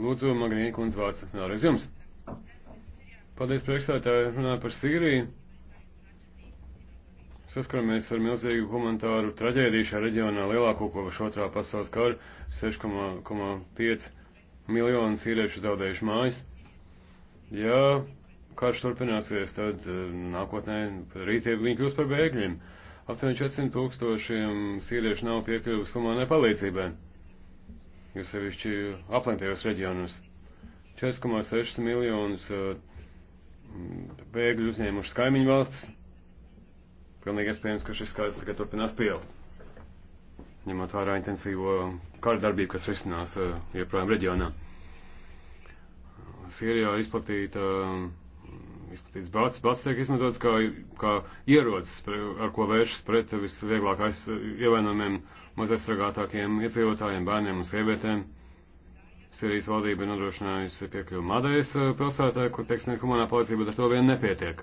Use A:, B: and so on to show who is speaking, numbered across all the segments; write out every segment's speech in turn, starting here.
A: Lūdzu, Magnīna kundze vārds vēlreiz jums. Paldies, priekšstādātāji, runāju par Sīriju. Saskaramies ar milzīgu humanitāru traģēdiju šajā reģionā, lielāko kopš otrā pasaules kara - 6,5 miljonu sīriešu zaudējuši mājas. Ja karš turpināsies, tad eh, nākotnē rīt viņi kļūs par bēgļiem. Aptuveni 400 tūkstošiem sīriešu nav piekļuvis humanai palīdzībai jo sevišķi aplentajos reģionos. 4,6 miljonus eh, bēgļu uzņēmušas kaimiņu valstis. Pilnīgi iespējams, ka šis skaits tikai turpinās pieaugt. Ņemot vērā intensīvo kara darbību, kas risinās eh, joprojām reģionā. Sīrijā ir izplatīta, eh, izplatīts bats, bats tiek izmantots kā, kā ierocis, ar ko vēršas pret visvieglāk ievainojumiem. Uh, mazaizsargātākiem iedzīvotājiem, bērniem un sievietēm. Sīrijas valdība ir nodrošinājusi piekļuvu Madejas eh, pilsētā, kur, teiksim, humanā palīdzība ar to vien nepietiek.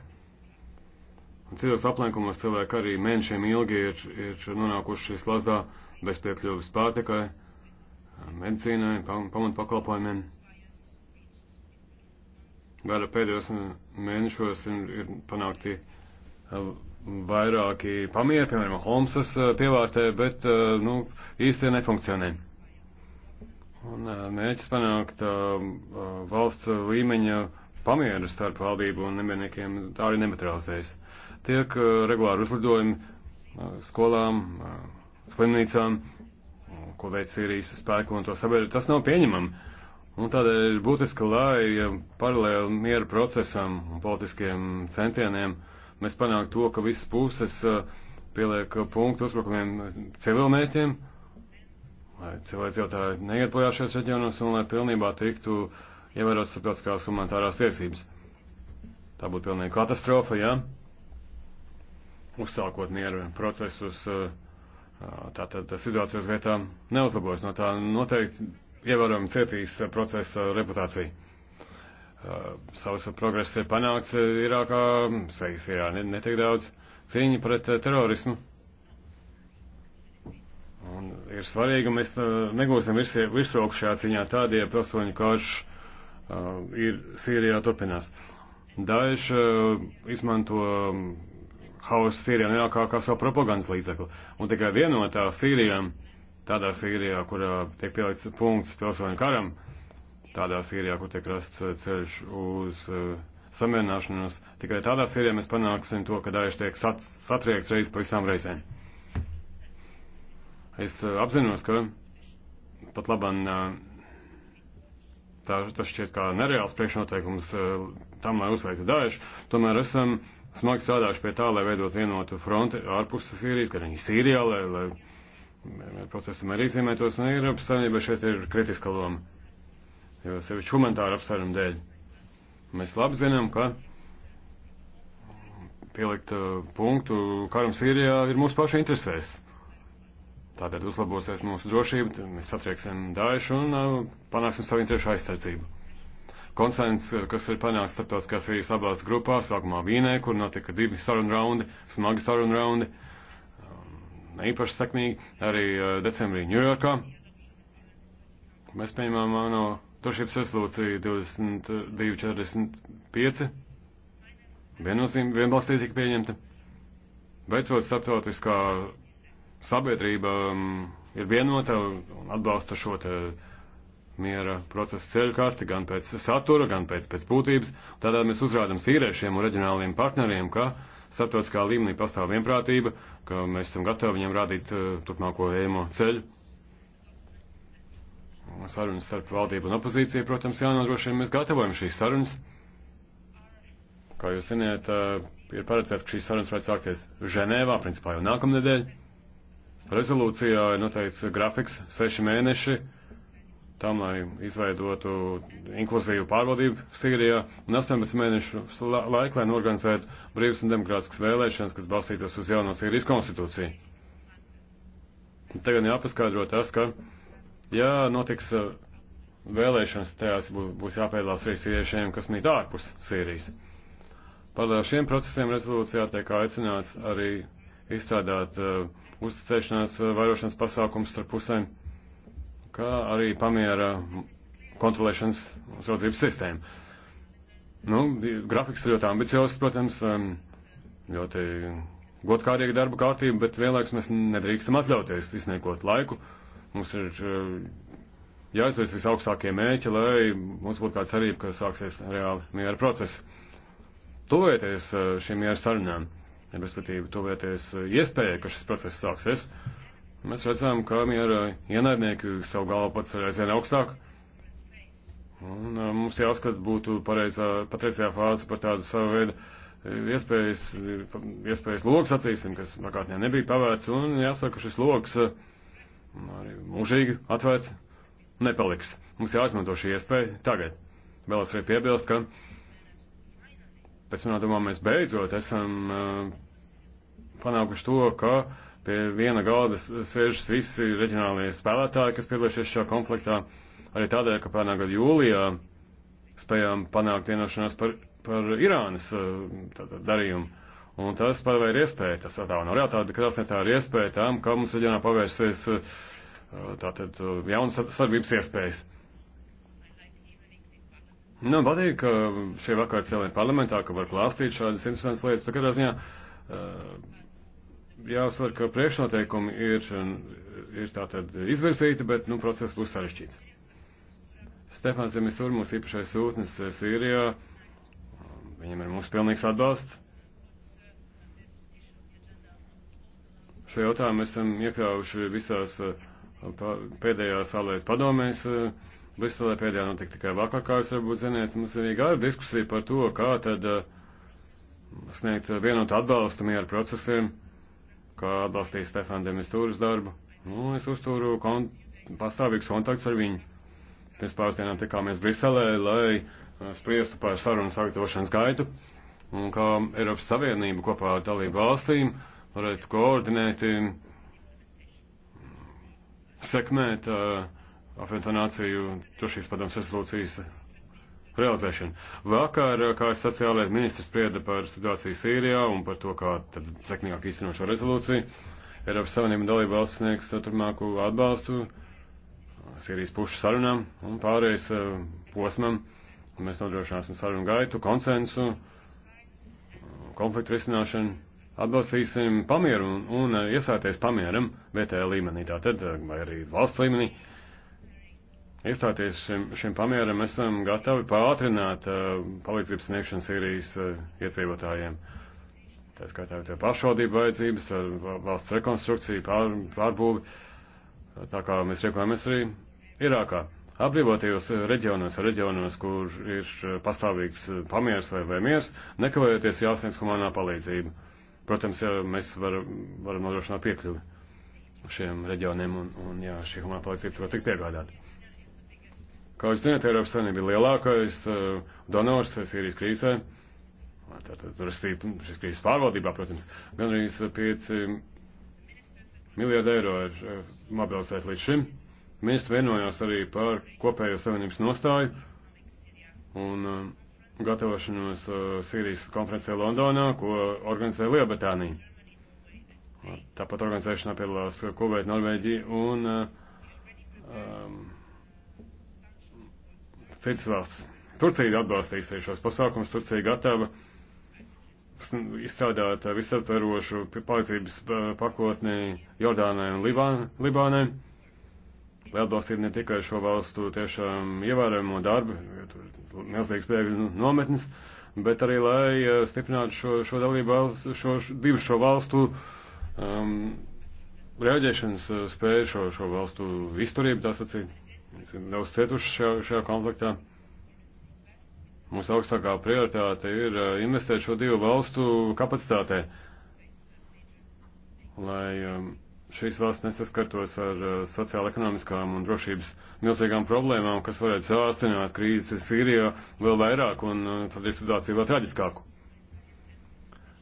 A: Un citos aplenkumos cilvēki arī mēnešiem ilgi ir, ir nonākuši slazdā bez piekļuves pārtikai, medicīnai, pamatpakalpojumiem. Vēl pēdējos mēnešos ir, ir panākti eh, vairāki pamieri, piemēram, Holmsas eh, pievārtē, bet, eh, nu, īsti nefunkcionē. Un eh, mēģis panākt valsts līmeņa pamieru starp valdību un nemierniekiem tā arī nematerializējas. Tiek regulāri uzlidojumi skolām, slimnīcām, ko veic Sīrijas spēku un to sabiedrību. Tas nav pieņemami. Un tādēļ ir būtiski, lai paralēli miera procesam un politiskiem centieniem mēs panāktu to, ka visas puses uh, pieliek uh, punktu uzbrukumiem civilmēķiem, lai cilvēks jautāja neiet bojā šajos reģionos un lai pilnībā tiktu ievērot starptautiskās humanitārās tiesības. Tā būtu pilnīga katastrofa, jā. Uzsākot mieru procesus, uh, tātad tā, tā situācijas vietā neuzlabojas. No tā noteikti ievērojami cietīs procesa reputācija. Uh, savs progress ir panākts uh, Irākā, mm, sveiks Irā netiek daudz, cīņa pret uh, terorismu. Un ir svarīgi, mēs negūsim virsroku šajā cīņā tādie pilsoņu karš ir Sīrijā turpinās. Daļš izmanto mm, hausu Sīrijā un Irākā kā savu propagandas līdzekli. Un tikai vienotā Sīrijā, tādā Sīrijā, kurā tiek pielikts punkts pilsoņu karam, uh, tādā Sīrijā, kur tiek rasts eh, ceļš uz eh, samierināšanos. Tikai tādā Sīrijā mēs panāksim to, ka Daesh tiek sat, satriekts reiz pa visām reizēm. Es eh, apzinos, ka pat labam tā, tas šķiet kā nereāls priekšnoteikums tam, lai uzveiktu Daesh, tomēr esam smagi strādājuši pie tā, lai veidot vienotu fronti ārpus Sīrijas, gan arī Sīrijā, lai, lai procesu mērīzīmētos, un Eiropas Savienība šeit ir kritiska loma jo sevišķi humanitāru apsvērumu dēļ. Mēs labi zinām, ka pielikt uh, punktu karam Sīrijā ir mūsu pašu interesēs. Tādēļ uzlabosies mūsu drošība, mēs satrieksim dājušu un uh, panāksim savu interešu aizsardzību. Konsens, uh, kas ir panāks starptautiskās Sīrijas labās grupās, sākumā Vīnē, kur notika divi sarunu raundi, smagi sarunu raundi, neīpaši um, sekmīgi, arī uh, decembrī Ņujorkā. Mēs pieņemām no Turšības rezolūcija 2245 viennozīm vienbalstī tika pieņemta. Beidzot, starptautiskā sabiedrība um, ir vienota un atbalsta šo te miera procesa ceļu karti gan pēc satura, gan pēc, pēc būtības. Tādēļ mēs uzrādām sīriešiem un reģionāliem partneriem, ka starptautiskā līmenī pastāv vienprātība, ka mēs esam gatavi viņiem rādīt uh, turpmāko ejamo ceļu sarunas starp valdību un opozīciju, protams, jānodrošina, mēs gatavojam šīs sarunas. Kā jūs zināt, ir paredzēts, ka šīs sarunas varētu sākties Ženēvā, principā jau nākamnedēļ. Rezolūcijā ir noteikts grafiks seši mēneši tam, lai izveidotu inkluzīvu pārvaldību Sīrijā un 18 mēnešu laikā, lai norganizētu brīvas un demokrātiskas vēlēšanas, kas balstītos uz jauno Sīrijas konstitūciju. Tagad jāpaskaidro tas, ka Ja notiks uh, vēlēšanas, tajās būs jāpiedalās arī sīviešiem, kas mīt ārpus Sīrijas. Par uh, šiem procesiem rezolūcijā tiek aicināts arī izstrādāt uh, uzticēšanās uh, vairošanas pasākums starp pusēm, kā arī pamiera kontrolēšanas uzraudzības sistēma. Nu, grafiks ļoti ambiciozs, protams, um, ļoti godkārīga darba kārtība, bet vienlaiks mēs nedrīkstam atļauties izniekot laiku. Uh, Mums ir eh, jāizvirs visaugstākie mēķi, lai mums būtu kāda cerība, ka sāksies reāli miera process. Tuvieties eh, šīm miera sarunām, respektīvi tuvieties eh, iespējai, ka šis process sāksies. Mēs redzam, ka miera ienaidnieki savu galvu paceļ aizvien augstāk. Un mums jāuzskata būtu pareizā, patreizajā fāze par tādu savu veidu iespējas, iespējas logs, acīsim, kas pagātnē nebija pavērts, un jāsaka, šis logs uh, arī mūžīgi atvērts nepaliks. Mums jāizmanto šī iespēja tagad. Vēlos arī piebilst, ka pēc manā domā mēs beidzot esam uh, panākuši to, ka pie viena galda sēžas visi reģionālie spēlētāji, kas piedalījušies šajā konfliktā. Arī tādēļ, ka pērnā gada jūlijā spējām panākt vienošanos par, par Irānas uh, darījumu. Un tas pavēr iespēju, tas tā nav realitāte, bet krāsnē tā ir iespēja tam, ka mums reģionā pavērsies uh, tātad uh, jaunas sadarbības iespējas. Nu, patīk, ka šie vakar cēlēni parlamentā, ka var klāstīt šādas interesantas lietas, bet katrā ziņā uh, jāuzsver, ka priekšnoteikumi ir, ir tātad izvirzīti, bet, nu, process būs sarežģīts. Stefans Demisur, mūsu īpašais sūtnis Sīrijā, viņam ir mūsu pilnīgs atbalsts. Šo jautājumu esam iekļāvuši visās eh, pēdējās ārlietu padomēs. Eh, Briselē pēdējā notika tikai vakar, kā jūs varbūt ziniet. Mums arī gara diskusija par to, kā tad eh, sniegt vienotu atbalstu mieru procesiem, kā atbalstīt Stefan Demistūras darbu. Nu, es uztūru kont pastāvīgs kontakts ar viņu. Pirms pāris dienām tikāmies Briselē, lai spriestu par sarunu sagatavošanas gaitu un kā Eiropas Savienība kopā ar dalību valstīm varētu koordinēti sekmēt uh, apvienoto nāciju turšīs padomus rezolūcijas realizēšanu. Vakar, uh, kā es sociālajā ministrs sprieda par situāciju Sīrijā un par to, kā tad sekmīgāk īstenot šo rezolūciju, Eiropas Savienība dalība valsts sniegs turpmāku atbalstu Sīrijas pušu sarunām un pārējais uh, posmam. Mēs nodrošināsim sarunu gaitu, konsensu, konfliktu risināšanu atbalstīsim pamieru un, un eh, iestāties pamieram vietējā līmenī, tātad, eh, vai arī valsts līmenī. Iestāties šim, šim pamieram esam gatavi pātrināt uh, palīdzības sniegšanu Sīrijas uh, iedzīvotājiem. Tā skaitā jau pašvaldību vajadzības, ar valsts rekonstrukciju, pār, pārbūvi, tā kā mēs riekojamies arī Irākā. Apbrīvotajos reģionos, reģionos, kur ir pastāvīgs pamieris vai, vai miers, nekavējoties jāsniedz humanā palīdzība. Protams, mēs varam, varam nodrošināt piekļuvi šiem reģioniem, un, un jā, šī humanā palīdzība tur tiek piegādāta. Kā jūs zināt, Eiropas Savienība ir lielākais uh, donors Sīrijas krīzē. Tātad, respektīvi, šīs krīzes pārvaldībā, protams, gan arī 5 miljardi eiro ir uh, mobilizēti līdz šim. Ministri vienojās arī par kopējo savienības nostāju, un uh, gatavošanos uh, Sīrijas konferencē Londonā, ko organizē Lielbritānija. Tāpat organizēšanā piedalās Kuveita, Norvēģija un uh, um, citas valsts. Turcija atbalstīs šos pasākumus, Turcija gatava izstrādāt visaptverošu palīdzības uh, pakotni Jordānai un Libānai atbalstīt ne tikai šo valstu tiešām ievērojamo darbu, jo tur milzīgs bēgļu nu, nometnes, bet arī lai eh, stiprinātu šo, šo dalību valstu, šo, šo divu šo valstu um, reaģēšanas eh, spēju, šo, šo valstu izturību, tā sacīt. Mēs esam daudz cietuši šajā, šajā konfliktā. Mūsu augstākā prioritāte ir eh, investēt šo divu valstu kapacitātē, lai um, šīs valsts nesaskartos ar uh, sociāla-ekonomiskām un drošības milzīgām problēmām, kas varētu sāstināt krīzes Sīrijā vēl vairāk un padarīt uh, situāciju vēl traģiskāku.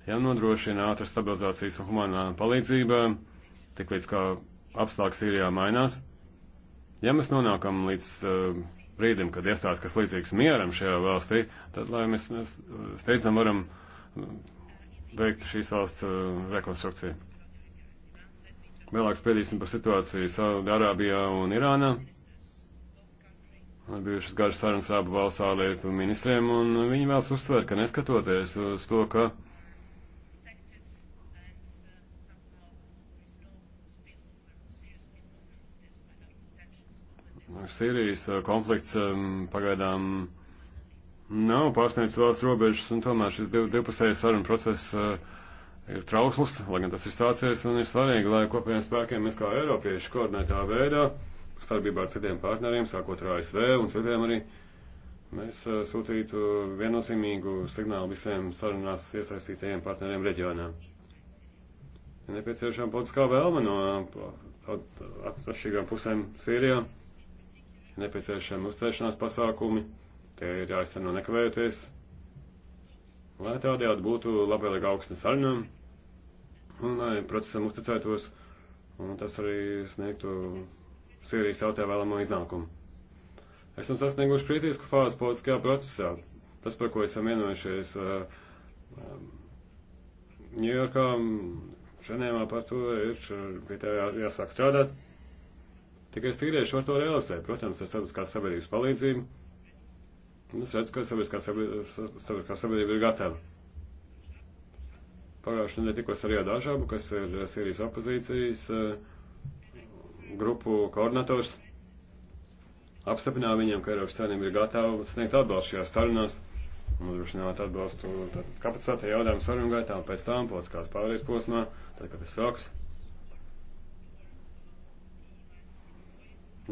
A: Jānodrošina ātra stabilizācijas un humanā palīdzība, tik līdz kā apstākļi Sīrijā mainās. Ja mēs nonākam līdz uh, brīdim, kad iestājas kas līdzīgs mieram šajā valstī, tad lai mēs, mēs steidzam varam uh, veikt šīs valsts uh, rekonstrukciju. Vēlāk spēdīsim par situāciju Saudārābijā un Irānā. Bijušas garas sarunas abu valstu ārlietu ministriem, un viņi vēlas uzsvērt, ka neskatoties uz to, ka Sīrijas uh, konflikts um, pagaidām nav pārsniedzis valsts robežas, un tomēr šis div, divpusējais saruna process uh, ir trausls, lai gan tas ir stācies un ir svarīgi, lai kopējiem spēkiem mēs kā Eiropieši koordinētā veidā, starpībā ar citiem partneriem, sākot ar ASV un citiem arī, mēs eh, sūtītu viennozīmīgu signālu visiem sarunās iesaistītajiem partneriem reģionā. Ir nepieciešama politiskā vēlme no atšķirīgām pusēm Sīrijā, ir nepieciešama uzcēšanās pasākumi, tie ir jāizsver no nekavējoties, lai tādējādi būtu labvēlīga augsne sarunām, un lai procesam uzticētos, un tas arī sniegtu Sīrijas tautē vēlamo iznākumu. Esam sasnieguši kritisku fāzi politiskajā procesā. Tas, par ko esam vienojušies eh, eh, Ņujorkā, Ženēmā par to ir eh, pie tā jā, jāsāk strādāt. Tikai stīrieši var to realizēt, protams, ar sabiedriskās sabiedrības palīdzību. Un es redzu, ka sabiedriskā sabiedrība, sabiedrība ir gatava. Pagājušajā nedēļā tikos ar Jādu Ažabu, kas ir Sīrijas opozīcijas eh, grupu koordinators. Apstiprināja viņiem, ka Eiropas Savienība ir gatava sniegt atbalstu šajās sarunās, nodrošināt atbalstu kapacitātei jautājumu sarunu gaitā, pēc tam politiskās pārējais posmā, tad, kad tas sāks.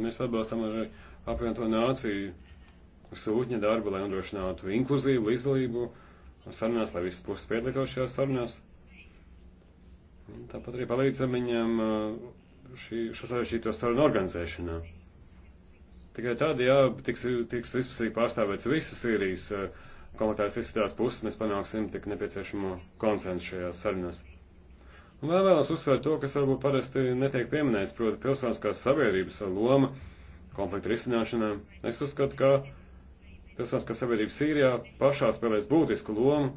A: Mēs atbalstam arī apvienoto nāciju sūtņa darbu, lai nodrošinātu inkluzīvu, līdzdalību sarunās, lai visas puses piedalītos šajās sarunās. Un tāpat arī palīdzam viņam uh, šī, šo sarežģīto sarunu organizēšanā. Tikai tad, ja tiks, tiks vispusīgi pārstāvēts visas Sīrijas uh, komentētas visas tās puses, mēs panāksim tik nepieciešamo konsensu šajās sarunās. Un vēl vēlos uzsvērt to, kas varbūt parasti netiek pieminēts, proti pilsoniskās sabiedrības loma konflikta risināšanā. Es uzskatu, ka Pilsoniskā sabiedrība Sīrijā pašā spēlēs būtisku lomu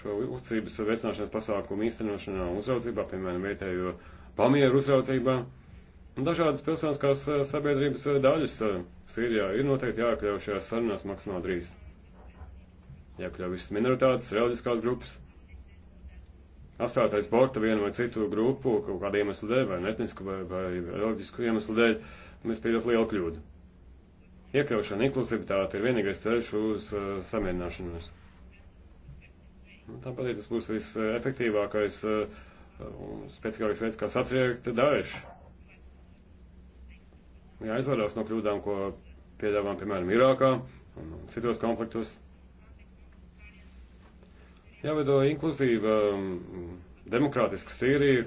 A: šo uzticības veicināšanas pasākumu īstenošanā un uzraudzībā, piemēram, vietējo pamieru uzraudzībā. Un dažādas pilsoniskās eh, sabiedrības eh, daļas eh, Sīrijā ir noteikti jāiekļauj šajā sarunās maksimāli drīz. Jāiekļauj visas minoritātes, reliģiskās grupas, apstātais borta vienu vai citu grupu kaut kādu iemeslu dēļ, vai etnisku vai, vai reliģisku iemeslu dēļ, mēs pieļaut lielu kļūdu. Iekļaušana, inklusivitāte ir vienīgais ceļš uz uh, samierināšanos. Tāpat ja tas būs visefektīvākais uh, un spēcīgākais veids, kā satriekt daļš. Jāizvairās no kļūdām, ko piedāvām, piemēram, Irākā un citos konfliktos. Jāveido inkluzīva, um, demokrātiska Sīrija,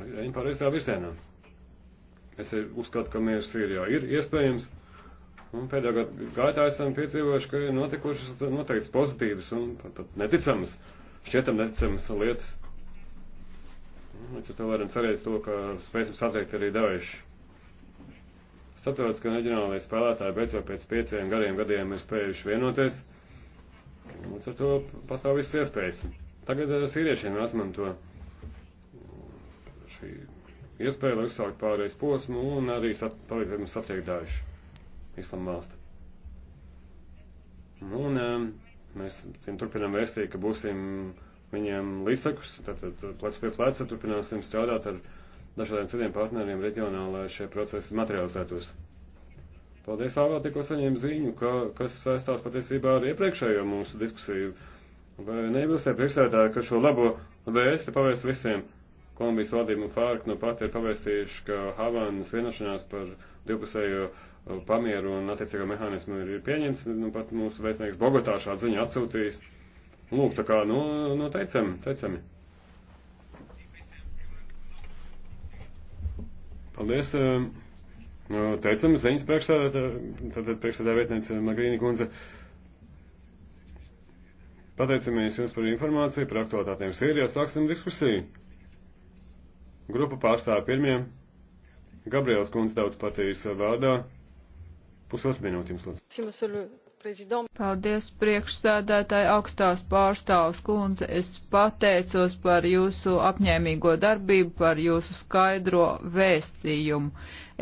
A: ejam pareizajā virzienā. Es uzskatu, ka miers Sīrijā ir iespējams. Un pēdējā gada gaitā esam piedzīvojuši, ka ir notikušas noteikti pozitīvas un pat, pat neticamas, šķietam neticamas lietas. Līdz ar to varam cerēt to, ka spēsim satriekt arī devējuši. Starptautiskā reģionālajā spēlētāji beidzot pēc pieciem gadiem gadiem ir spējuši vienoties. Līdz ar to pastāv viss iespējas. Tagad ar eh, sīriešiem jāizmanto šī iespēja, lai uzsākt pārējais posmu un arī sat, palīdzēt mums atsiekt daļu islama valsti. Nu, un mēs viņiem turpinām vēstīt, ka būsim viņiem līdzsakus, tātad plec pie pleca turpināsim strādāt ar dažādiem citiem partneriem reģionā, lai šie procesi materializētos. Paldies, Āvā, tikko saņēmu ziņu, ka, kas saistās patiesībā ar iepriekšējo mūsu diskusiju. Vai nebilstē priekšsētāji, ka šo labo vēsti pavērst visiem? Kolumbijas valdība un FARC nu pat ir pavēstījuši, ka Havanas vienošanās par divpusējo uh, pamieru un attiecīgo mehānismu ir, ir pieņemts, nu pat mūsu vēstnieks Bogotā šādu ziņu atsūtījis. Lūk, tā kā, nu, nu teicami, teicami. Paldies. Uh, uh, teicami, ziņas priekšsēdētā, tātad priekšsēdētā vietniece Magrīni Kunze. Pateicamies jums par informāciju, par aktualitātēm Sīrijā, sāksim diskusiju. Grupu pārstāvi pirmiem. Gabriels Kunds daudz patīs vārdā. Pusotru minūti jums lūdzu.
B: Paldies priekšsēdētāji augstās pārstāvs kundze. Es pateicos par jūsu apņēmīgo darbību, par jūsu skaidro vēstījumu.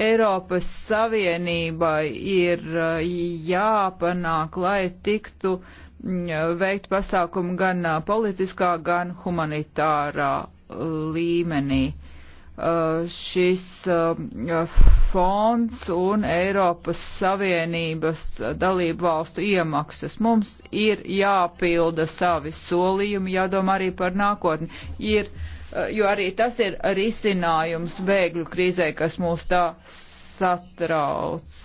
B: Eiropas Savienībai ir eh, jāpanāk, lai tiktu mm, veikt pasākumu gan eh, politiskā, gan humanitārā eh, līmenī Uh, šis uh, fonds un Eiropas Savienības dalību valstu iemaksas. Mums ir jāpilda savi solījumi, jādomā arī par nākotni. Ir, uh, jo arī tas ir risinājums bēgļu krīzē, kas mūs tā satrauc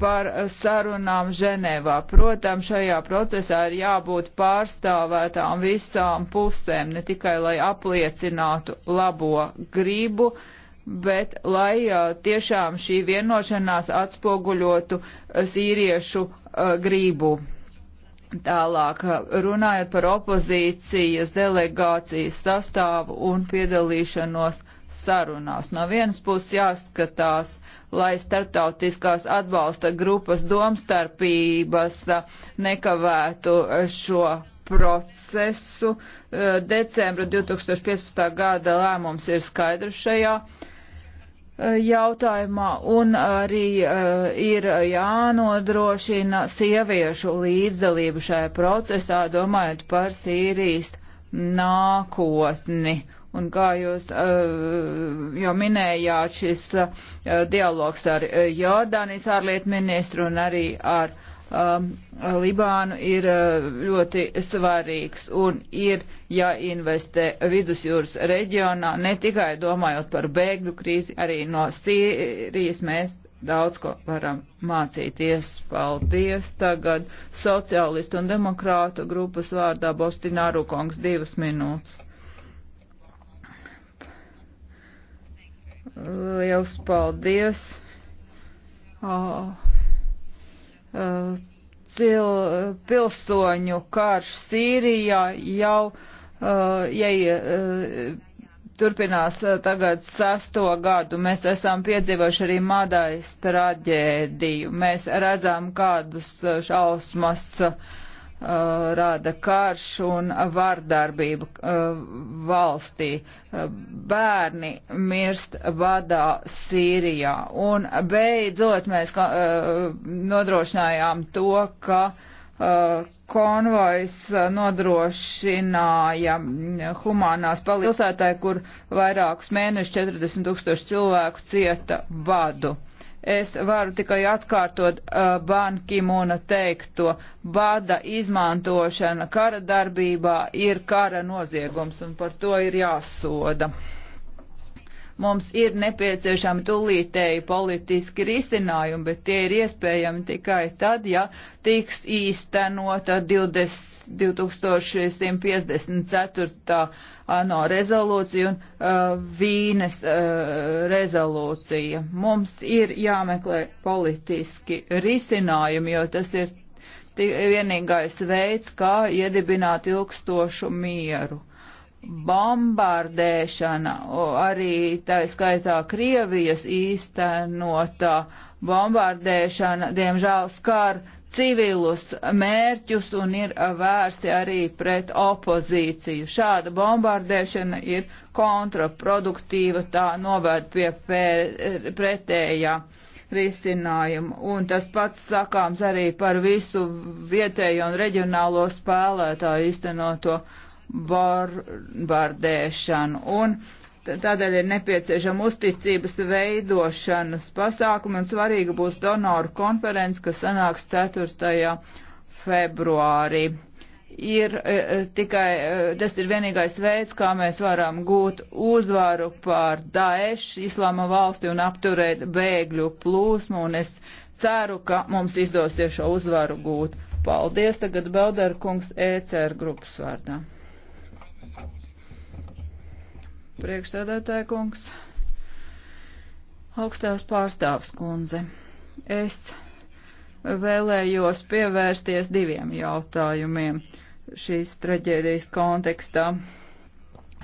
B: par sarunām Ženēvā. Protams, šajā procesā ir jābūt pārstāvētām visām pusēm, ne tikai lai apliecinātu labo gribu, bet lai tiešām šī vienošanās atspoguļotu sīriešu gribu. Tālāk runājot par opozīcijas delegācijas sastāvu un piedalīšanos sarunās. No vienas puses jāskatās, lai starptautiskās atbalsta grupas domstarpības uh, nekavētu šo procesu. Uh, decembra 2015. gada lēmums ir skaidrs šajā uh, jautājumā un arī uh, ir jānodrošina sieviešu līdzdalību šajā procesā, domājot par Sīrijas nākotni Un kā jūs eh, jau minējāt, šis eh, dialogs ar eh, Jordānijas ārlietu ministru un arī ar um, Libānu ir ļoti svarīgs un ir jāinvestē vidusjūras reģionā, ne tikai domājot par bēgļu krīzi, arī no Sīrijas mēs daudz ko varam mācīties. Paldies! Tagad sociālistu un demokrātu grupas vārdā Bostināru kungs divas minūtes. Liels paldies! Oh, uh, cil, pilsoņu karš Sīrijā jau uh, ja, uh, turpinās tagad sesto gadu. Mēs esam piedzīvojuši arī Madais traģēdiju. Mēs redzam, kādas šausmas uh, Uh, rada karš un vardarbība uh, valstī. Uh, bērni mirst vadā Sīrijā. Un beidzot mēs nodrošinājām to, ka konvojs nodrošināja mm, humānās palīdzības pilsētai, kur vairākus mēnešus 40 tūkstoši cilvēku cieta vadu. Es varu tikai atkārtot uh, Ban Kimuna teikto, bada izmantošana kara darbībā ir kara noziegums un par to ir jāsoda. Mums ir nepieciešami tūlītēji politiski risinājumi, bet tie ir iespējami tikai tad, ja tiks īstenota 20, 2154. ANO rezolūcija un uh, Vīnes uh, rezolūcija. Mums ir jāmeklē politiski risinājumi, jo tas ir vienīgais veids, kā iedibināt ilgstošu mieru bombardēšana, arī tā skaitā Krievijas īstenotā bombardēšana, diemžēl skar civilus mērķus un ir vērsti arī pret opozīciju. Šāda bombardēšana ir kontraproduktīva, tā novērt pie pretējā risinājumu. Un tas pats sakāms arī par visu vietējo un reģionālo spēlētāju īstenoto uh, bombardēšanu. Un Tādēļ ir nepieciešama uzticības veidošanas pasākuma un svarīga būs donoru konference, kas sanāks 4. februārī. Ir e, e, tikai, e, tas ir vienīgais veids, kā mēs varam gūt uzvaru pār Daesh, Islāma valsti un apturēt bēgļu plūsmu, un es ceru, ka mums izdosies šo uzvaru gūt. Paldies, tagad Belderkungs ECR grupas vārdā. Priekšsēdētāja kungs, augstās pārstāvs kundze, es vēlējos pievērsties diviem jautājumiem šīs traģēdijas kontekstā.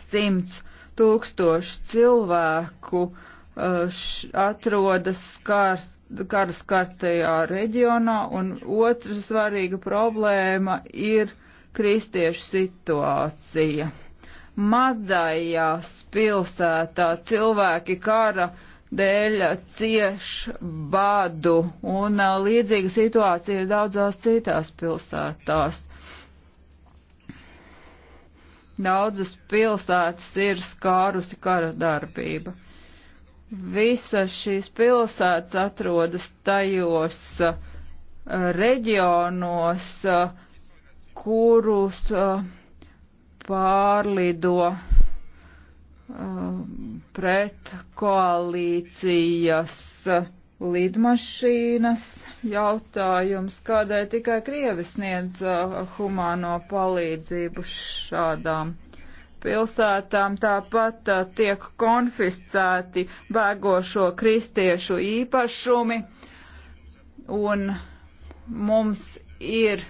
B: Simts tūkstoši cilvēku uh, atrodas kārs, karas kartajā reģionā, un otra svarīga problēma ir kristiešu situācija. Madajās pilsētā cilvēki kara dēļ cieš badu, un līdzīga situācija ir daudzās citās pilsētās. Daudzas pilsētas ir skārusi kara darbība. Visas šīs pilsētas atrodas tajos reģionos, uh, kurus pārlido pret koalīcijas lidmašīnas jautājums, kādēļ tikai Krievi sniedz humāno palīdzību šādām pilsētām. Tāpat tiek konfiscēti bēgošo kristiešu īpašumi un mums ir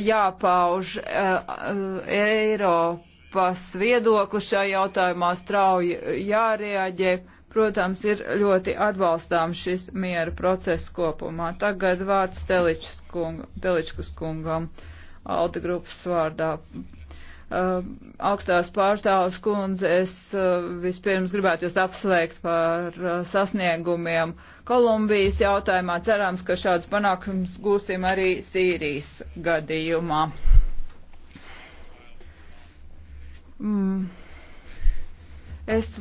B: jāpauž eh, Eiropas viedokli šajā jautājumā strauji jārēģē. Protams, ir ļoti atbalstām šis miera process kopumā. Tagad vārds Teličkas kung, kungam, Alda grupas vārdā. Uh, augstās pārstāvs kundze, es uh, vispirms gribētu jūs apsveikt par uh, sasniegumiem Kolumbijas jautājumā. Cerams, ka šāds panākums gūsim arī Sīrijas gadījumā. Mm. Es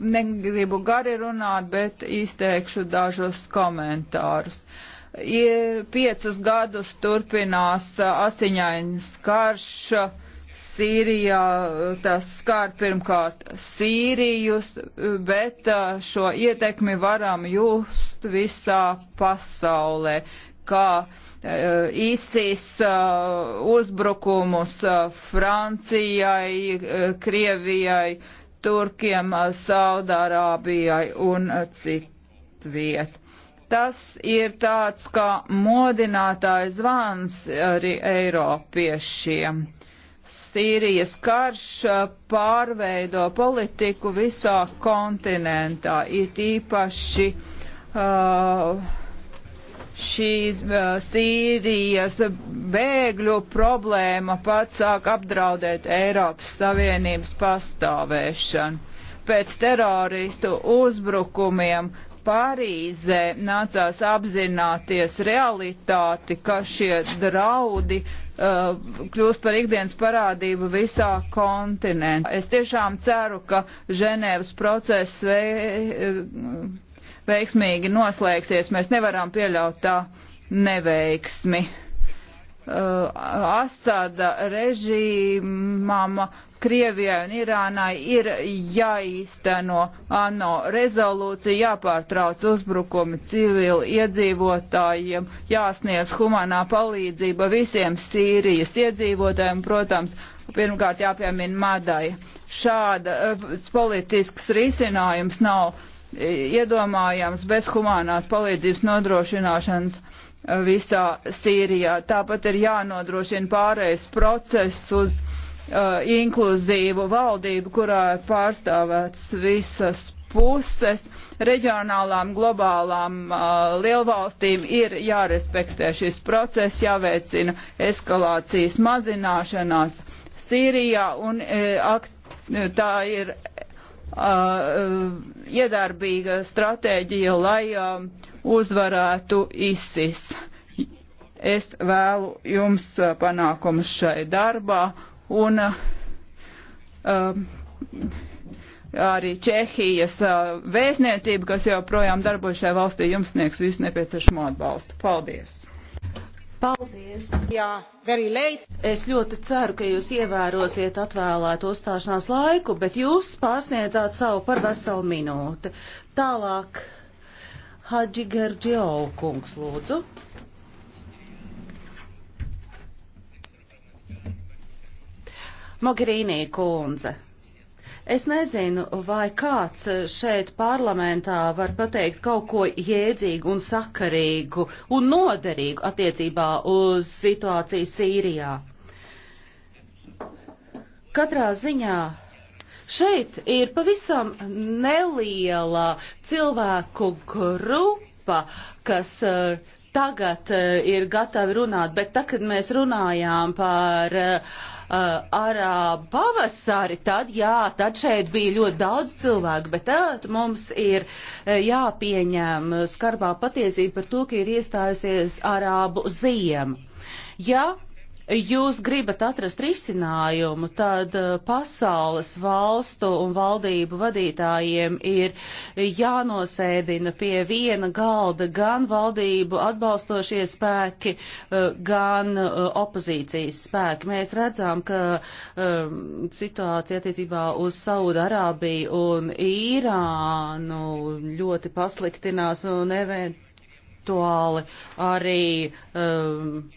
B: negribu gari runāt, bet izteikšu dažus komentārus. Uh, ir piecus gadus turpinās uh, asiņainas karš, Sīrijā tas skār pirmkārt Sīrijus, bet uh, šo ietekmi varam just visā pasaulē, kā uh, ISIS uh, uzbrukumus Francijai, Krievijai, Turkiem, Saudārābijai un citviet tas ir tāds kā modinātājs zvans arī Eiropiešiem. Sīrijas karš eh, pārveido politiku visā kontinentā, it īpaši uh, šī uh, Sīrijas bēgļu problēma pats sāk apdraudēt Eiropas Savienības pastāvēšanu. Pēc teroristu uzbrukumiem Parīzē nācās apzināties realitāti, ka šie draudi uh, Uh, kļūst par ikdienas parādību visā kontinentā. Es tiešām ceru, ka Ženēvas process vei, uh, veiksmīgi noslēgsies. Mēs nevaram pieļaut tā neveiksmi. Uh, Asada režīmam Krievijai un Irānai ir jāīsteno ANO rezolūcija, jāpārtrauc uzbrukumi civili iedzīvotājiem, jāsniedz humanā palīdzība visiem Sīrijas iedzīvotājiem, protams, pirmkārt jāpiemina Madai. Šāda uh, politisks risinājums nav uh, iedomājams bez humanās palīdzības nodrošināšanas visā Sīrijā. Tāpat ir jānodrošina pārējais process uz uh, inkluzīvu valdību, kurā ir pārstāvēts visas puses. Reģionālām, globālām uh, lielvalstīm ir jārespektē šis process, jāveicina eskalācijas mazināšanās Sīrijā un uh, tā ir uh, iedarbīga stratēģija, lai uh, uzvarētu ISIS. Es vēlu jums panākumus šai darbā un uh, arī Čehijas vēstniecība, kas joprojām darbojas šajā valstī, jums sniegs visu nepieciešamo atbalstu. Paldies!
C: Paldies! Jā, very late. Es ļoti ceru, ka jūs ievērosiet atvēlēto uzstāšanās laiku, bet jūs pārsniedzāt savu par veselu minūti. Tālāk, Hadži Gerģio kungs, lūdzu. Mogherīnī kundze. Es nezinu, vai kāds šeit parlamentā var pateikt kaut ko jēdzīgu un sakarīgu un noderīgu attiecībā uz situāciju Sīrijā. Katrā ziņā šeit ir pavisam neliela cilvēku grupa, kas eh, tagad eh, ir gatavi runāt, bet tā, kad mēs runājām par uh, Uh, arābu uh, pavasari, tad jā, tad šeit bija ļoti daudz cilvēku, bet tad mums ir uh, jāpieņem skarbā patiesība par to, ka ir iestājusies arābu ziema. Ja jūs gribat atrast risinājumu, tad eh, pasaules valstu un valdību vadītājiem ir jānosēdina pie viena galda gan valdību atbalstošie spēki, eh, gan eh, opozīcijas spēki. Mēs redzam, ka um, situācija attiecībā uz Saudarābiju un Īrānu ļoti pasliktinās un eventuāli arī um,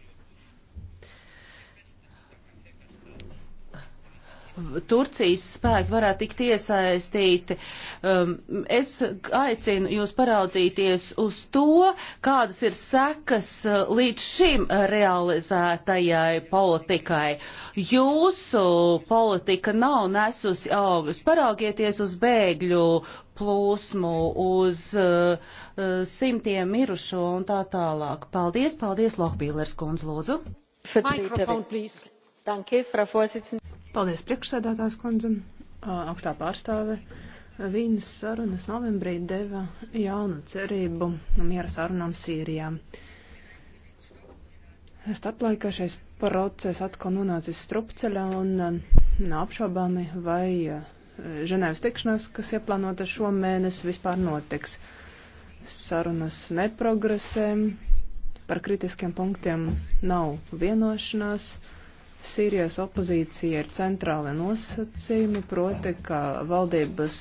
C: Turcijas spēki varētu tikt iesaistīti. Um, es aicinu jūs paraudzīties uz to, kādas ir sekas uh, līdz šim realizētajai politikai. Jūsu politika nav nesusi augus. Paraugieties uz bēgļu plūsmu, uz uh, uh, simtiem mirušo un tā tālāk. Paldies, paldies, Lohbīlers kundz, lūdzu. Mikrofon, please. Danke, Frau Vorsitzende. Paldies priekšsēdētājs kundze, augstā pārstāve.
D: Viņas sarunas novembrī deva jaunu cerību miera sarunām Sīrijā. Starplaikā šais process atkal nonācis strupceļā un neapšaubāmi vai Ženēvas tikšanās, kas ieplānota šo mēnesi, vispār notiks. Sarunas neprogresē, par kritiskiem punktiem nav vienošanās. Uh, Sīrijas opozīcija ir centrāla nosacījumi, proti, ka valdības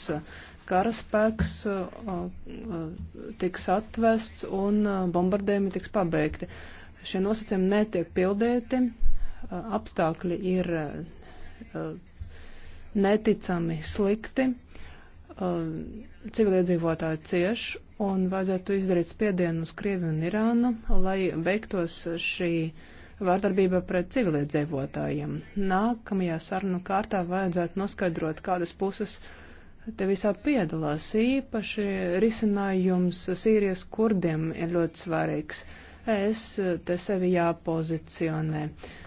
D: karaspēks uh, uh, tiks atvests un uh, bombardējumi tiks pabeigti. Šie nosacījumi netiek pildēti, apstākļi ir neticami slikti, civiliedzīvotāji cieš un vajadzētu izdarīt spiedienu uz Krieviju un Irānu, lai beigtos šī vārdarbība pret civiliedzīvotājiem. Nākamajā sarunu kārtā vajadzētu noskaidrot, kādas puses te visā piedalās. Īpaši risinājums Sīrijas kurdiem ir ļoti svarīgs. Es te sevi jāpozicionē.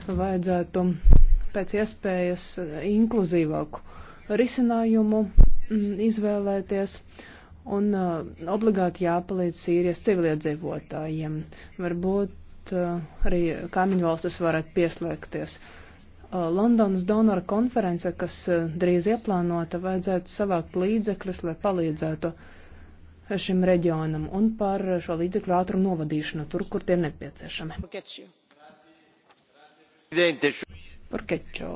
D: Vajadzētu pēc iespējas inkluzīvāku risinājumu mm, izvēlēties un uh, obligāti jāpalīdz Sīrijas civiliedzīvotājiem. Varbūt Eh, arī kaimiņu valstis varētu pieslēgties. Eh, Londonas donora konference, kas eh, drīz ieplānota, vajadzētu savākt līdzekļus, lai palīdzētu šim reģionam un par šo līdzekļu ātrumu novadīšanu tur, kur tie nepieciešami. Par kečo.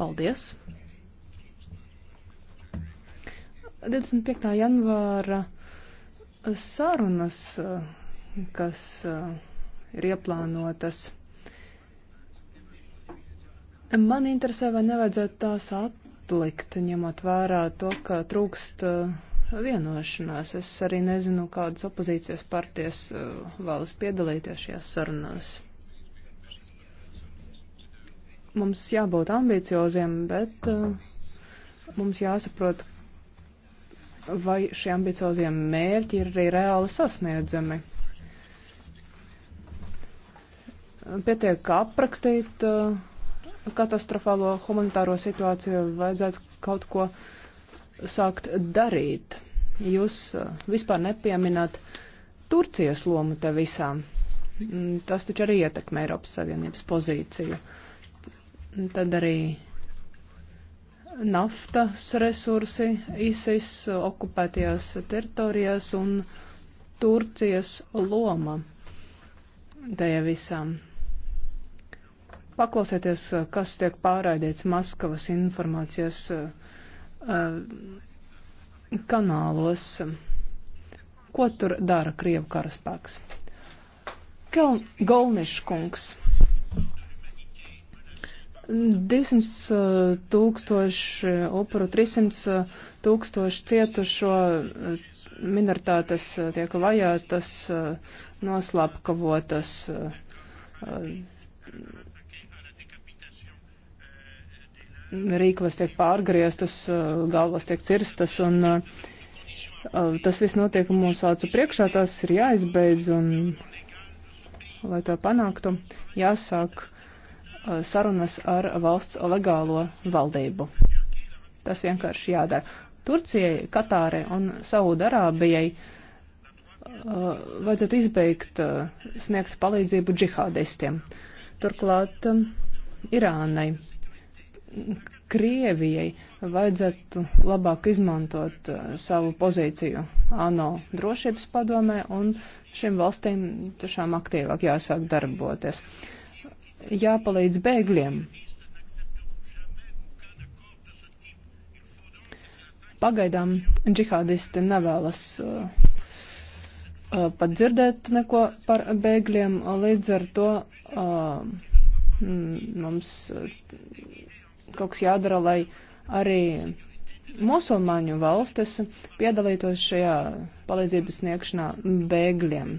D: Paldies. 25. janvāra sarunas, eh, kas eh, ir ieplānotas. Man interesē, vai nevajadzētu tās atlikt, ņemot vērā to, ka trūkst eh, vienošanās. Es arī nezinu, kādas opozīcijas partijas vēlas piedalīties šajās sarunās. Mums jābūt ambicioziem, bet mums jāsaprot, vai šie ambiciozie mērķi ir arī reāli sasniedzami. Pietiek aprakstīt uh, katastrofālo humanitāro situāciju, vajadzētu kaut ko sākt darīt. Jūs uh, vispār nepieminat Turcijas lomu te visā. Mm, tas taču arī ietekmē Eiropas Savienības pozīciju. Tad arī naftas resursi ISIS okupētajās teritorijās un Turcijas loma tajā visā. Paklausieties, kas tiek pārraidīts Maskavas informācijas eh, kanālos. Ko tur dara Krievu karaspēks? Keln Golniškungs. 200 eh, tūkstoši eh, upuru, 300 eh, tūkstoši cietušo minoritātes tiek vajātas, noslapkavotas. Rīklas tiek pārgrieztas, galvas tiek cirstas, un tas viss notiek mūsu acu priekšā, tas ir jāizbeidz, un, lai to panāktu, jāsāk sarunas ar valsts legālo valdību. Tas vienkārši jādara. Turcijai, Katārai un Saudarābijai uh, vajadzētu izbeigt uh, sniegt palīdzību džihādistiem. Turklāt um, Irānai, Krievijai vajadzētu labāk izmantot uh, savu pozīciju ANO drošības padomē un šiem valstīm tiešām aktīvāk jāsāk darboties. Uh, jāpalīdz bēgļiem. Pagaidām džihādisti nevēlas uh, uh, pat dzirdēt neko par bēgļiem, līdz ar to uh, mums uh, kaut kas jādara, lai arī musulmaņu valstis piedalītos šajā palīdzības sniegšanā bēgļiem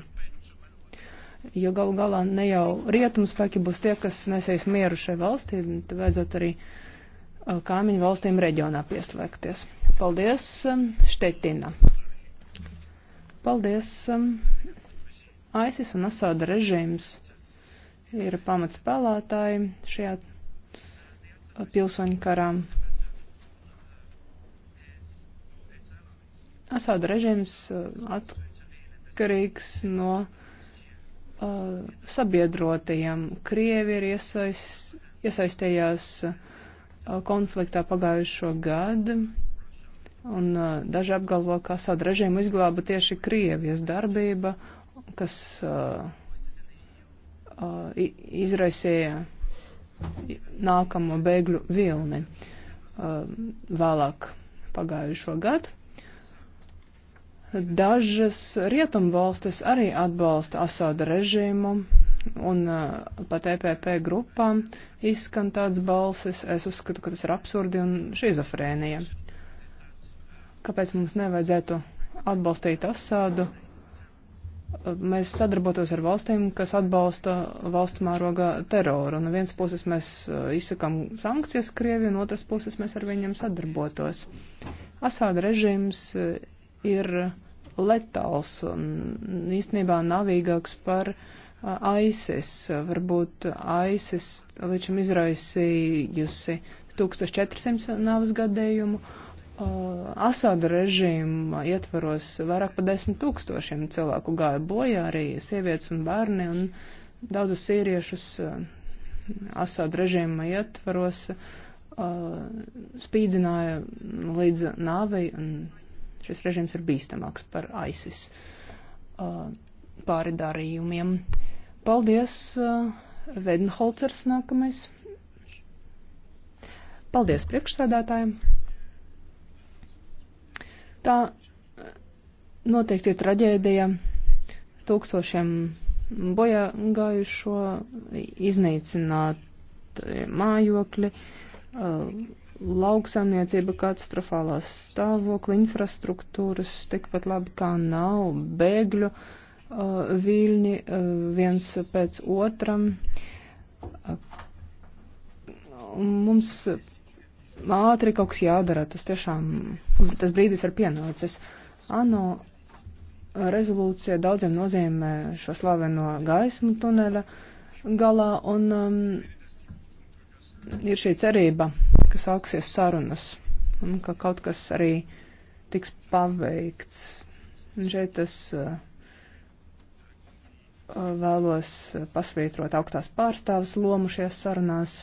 D: jo galu galā ne jau rietumu spēki būs tie, kas nesīs mieru šai valstī, bet vajadzētu arī uh, kāmiņu valstīm reģionā pieslēgties. Paldies, um, Štetina. Paldies, um, ISIS un Asāda režīms ir pamatspēlētāji šajā uh, pilsoņu karā. Asāda režīms uh, atkarīgs no uh, sabiedrotajiem. Krievi ir iesaist, iesaistījās uh, konfliktā pagājušo gadu, un uh, daži apgalvo, ka Asad režīmu izglāba tieši Krievijas darbība, kas uh, uh, izraisīja nākamo bēgļu vilni uh, vēlāk pagājušo gadu. Dažas rietumvalstis arī atbalsta Asāda režīmu, un uh, pat EPP grupām izskan tāds balsis. Es uzskatu, ka tas ir absurdi un šizofrēnija. Kāpēc mums nevajadzētu atbalstīt Asādu? Mēs sadarbotos ar valstīm, kas atbalsta valsts mēroga teroru. No vienas puses mēs uh, izsakam sankcijas Krieviju, no otras puses mēs ar viņiem sadarbotos. Asāda režīms uh, ir letāls un īstenībā navīgāks par ISIS. Varbūt ISIS līdz šim izraisījusi 1400 navas gadījumu. Asāda režīma ietvaros vairāk par 10 tūkstošiem cilvēku gāja bojā, arī sievietes un bērni un daudzus sīriešus Asāda režīma ietvaros spīdzināja līdz nāvei un šis režīms ir bīstamāks par ISIS uh, pāri darījumiem. Paldies, uh, Vedenholcers nākamais. Paldies priekšsēdētājiem. Tā uh, noteikti ir traģēdija tūkstošiem bojā gājušo iznīcināt uh, mājokļi. Uh, lauksaimniecība katastrofālā stāvokļa, infrastruktūras tikpat labi kā nav, bēgļu uh, viļņi uh, viens pēc otram. Uh, mums ātri kaut kas jādara, tas tiešām, tas brīdis ir pienācis. Ano rezolūcija daudziem nozīmē šo slaveno gaismu tuneļa galā un um, ir šī cerība domāju, ka sāksies sarunas un ka kaut kas arī tiks paveikts. Un šeit es uh, uh, vēlos pasvītrot augstās pārstāvas lomu šajās sarunās.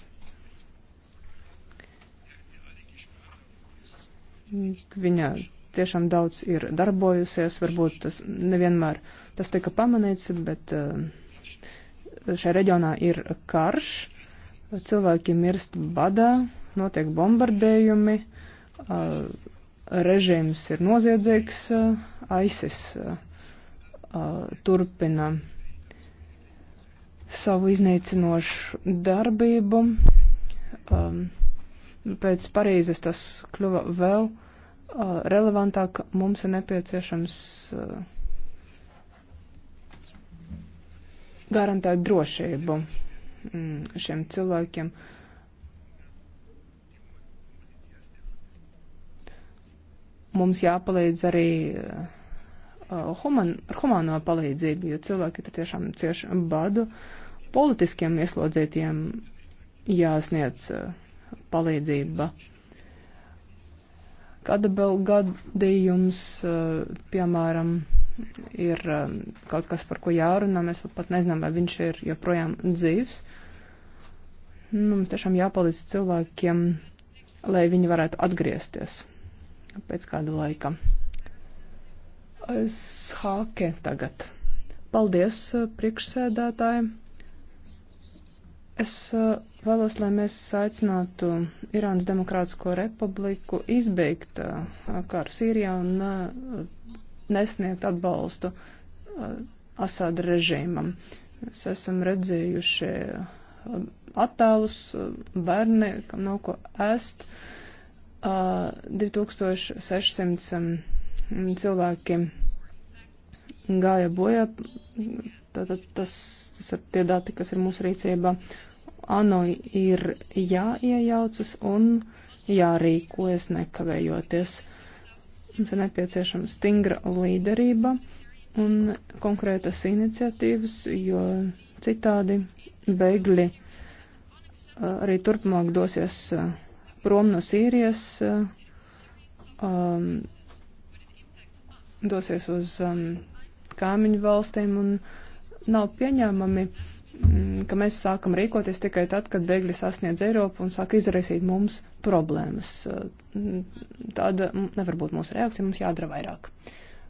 D: Viņa tiešām daudz ir darbojusies, varbūt tas nevienmēr tas tika pamanīts, bet uh, šajā reģionā ir karš, cilvēki mirst badā, notiek bombardējumi, režīms ir noziedzīgs, ISIS turpina savu iznīcinošu darbību. Pēc Parīzes tas kļuva vēl relevantāk. Mums ir nepieciešams garantēt drošību šiem cilvēkiem. Uh, Mums jāpalīdz arī uh, uh, human, ar humāno palīdzību, jo cilvēki tur tiešām cieši badu. Politiskiem ieslodzītiem jāsniedz uh, palīdzība. Kāda vēl gadījums, piemēram, ir um, kaut kas, par ko jārunā, mēs pat nezinām, vai viņš ir joprojām dzīvs. Nu, mums tiešām jāpalīdz cilvēkiem, lai viņi varētu atgriezties pēc kāda laika. Shāke tagad. Paldies, eh, priekšsēdētāji. Es eh, vēlos, lai mēs aicinātu Irānas Demokrātisko republiku izbeigt eh, karu Sīrijā un nesniegt atbalstu Asāda režīmam. Mēs esam redzējuši attēlus, bērni, kam nav ko ēst. Uh, 2600 cilvēki gāja bojā. Tātad tas, tas ir tie dati, kas ir mūsu rīcībā. ANO ir jāiejaucas un jārīkojas nekavējoties. Mums ir nepieciešama stingra līderība un konkrētas iniciatīvas, jo citādi bēgļi arī turpmāk dosies uh, prom no Sīrijas, eh, um, dosies uz um, kāmiņu valstīm un nav pieņēmami, um, ka mēs sākam rīkoties tikai tad, kad bēgļi sasniedz Eiropu un sāk izraisīt mums problēmas. Eh, tāda nevar būt mūsu reakcija, mums jādara vairāk.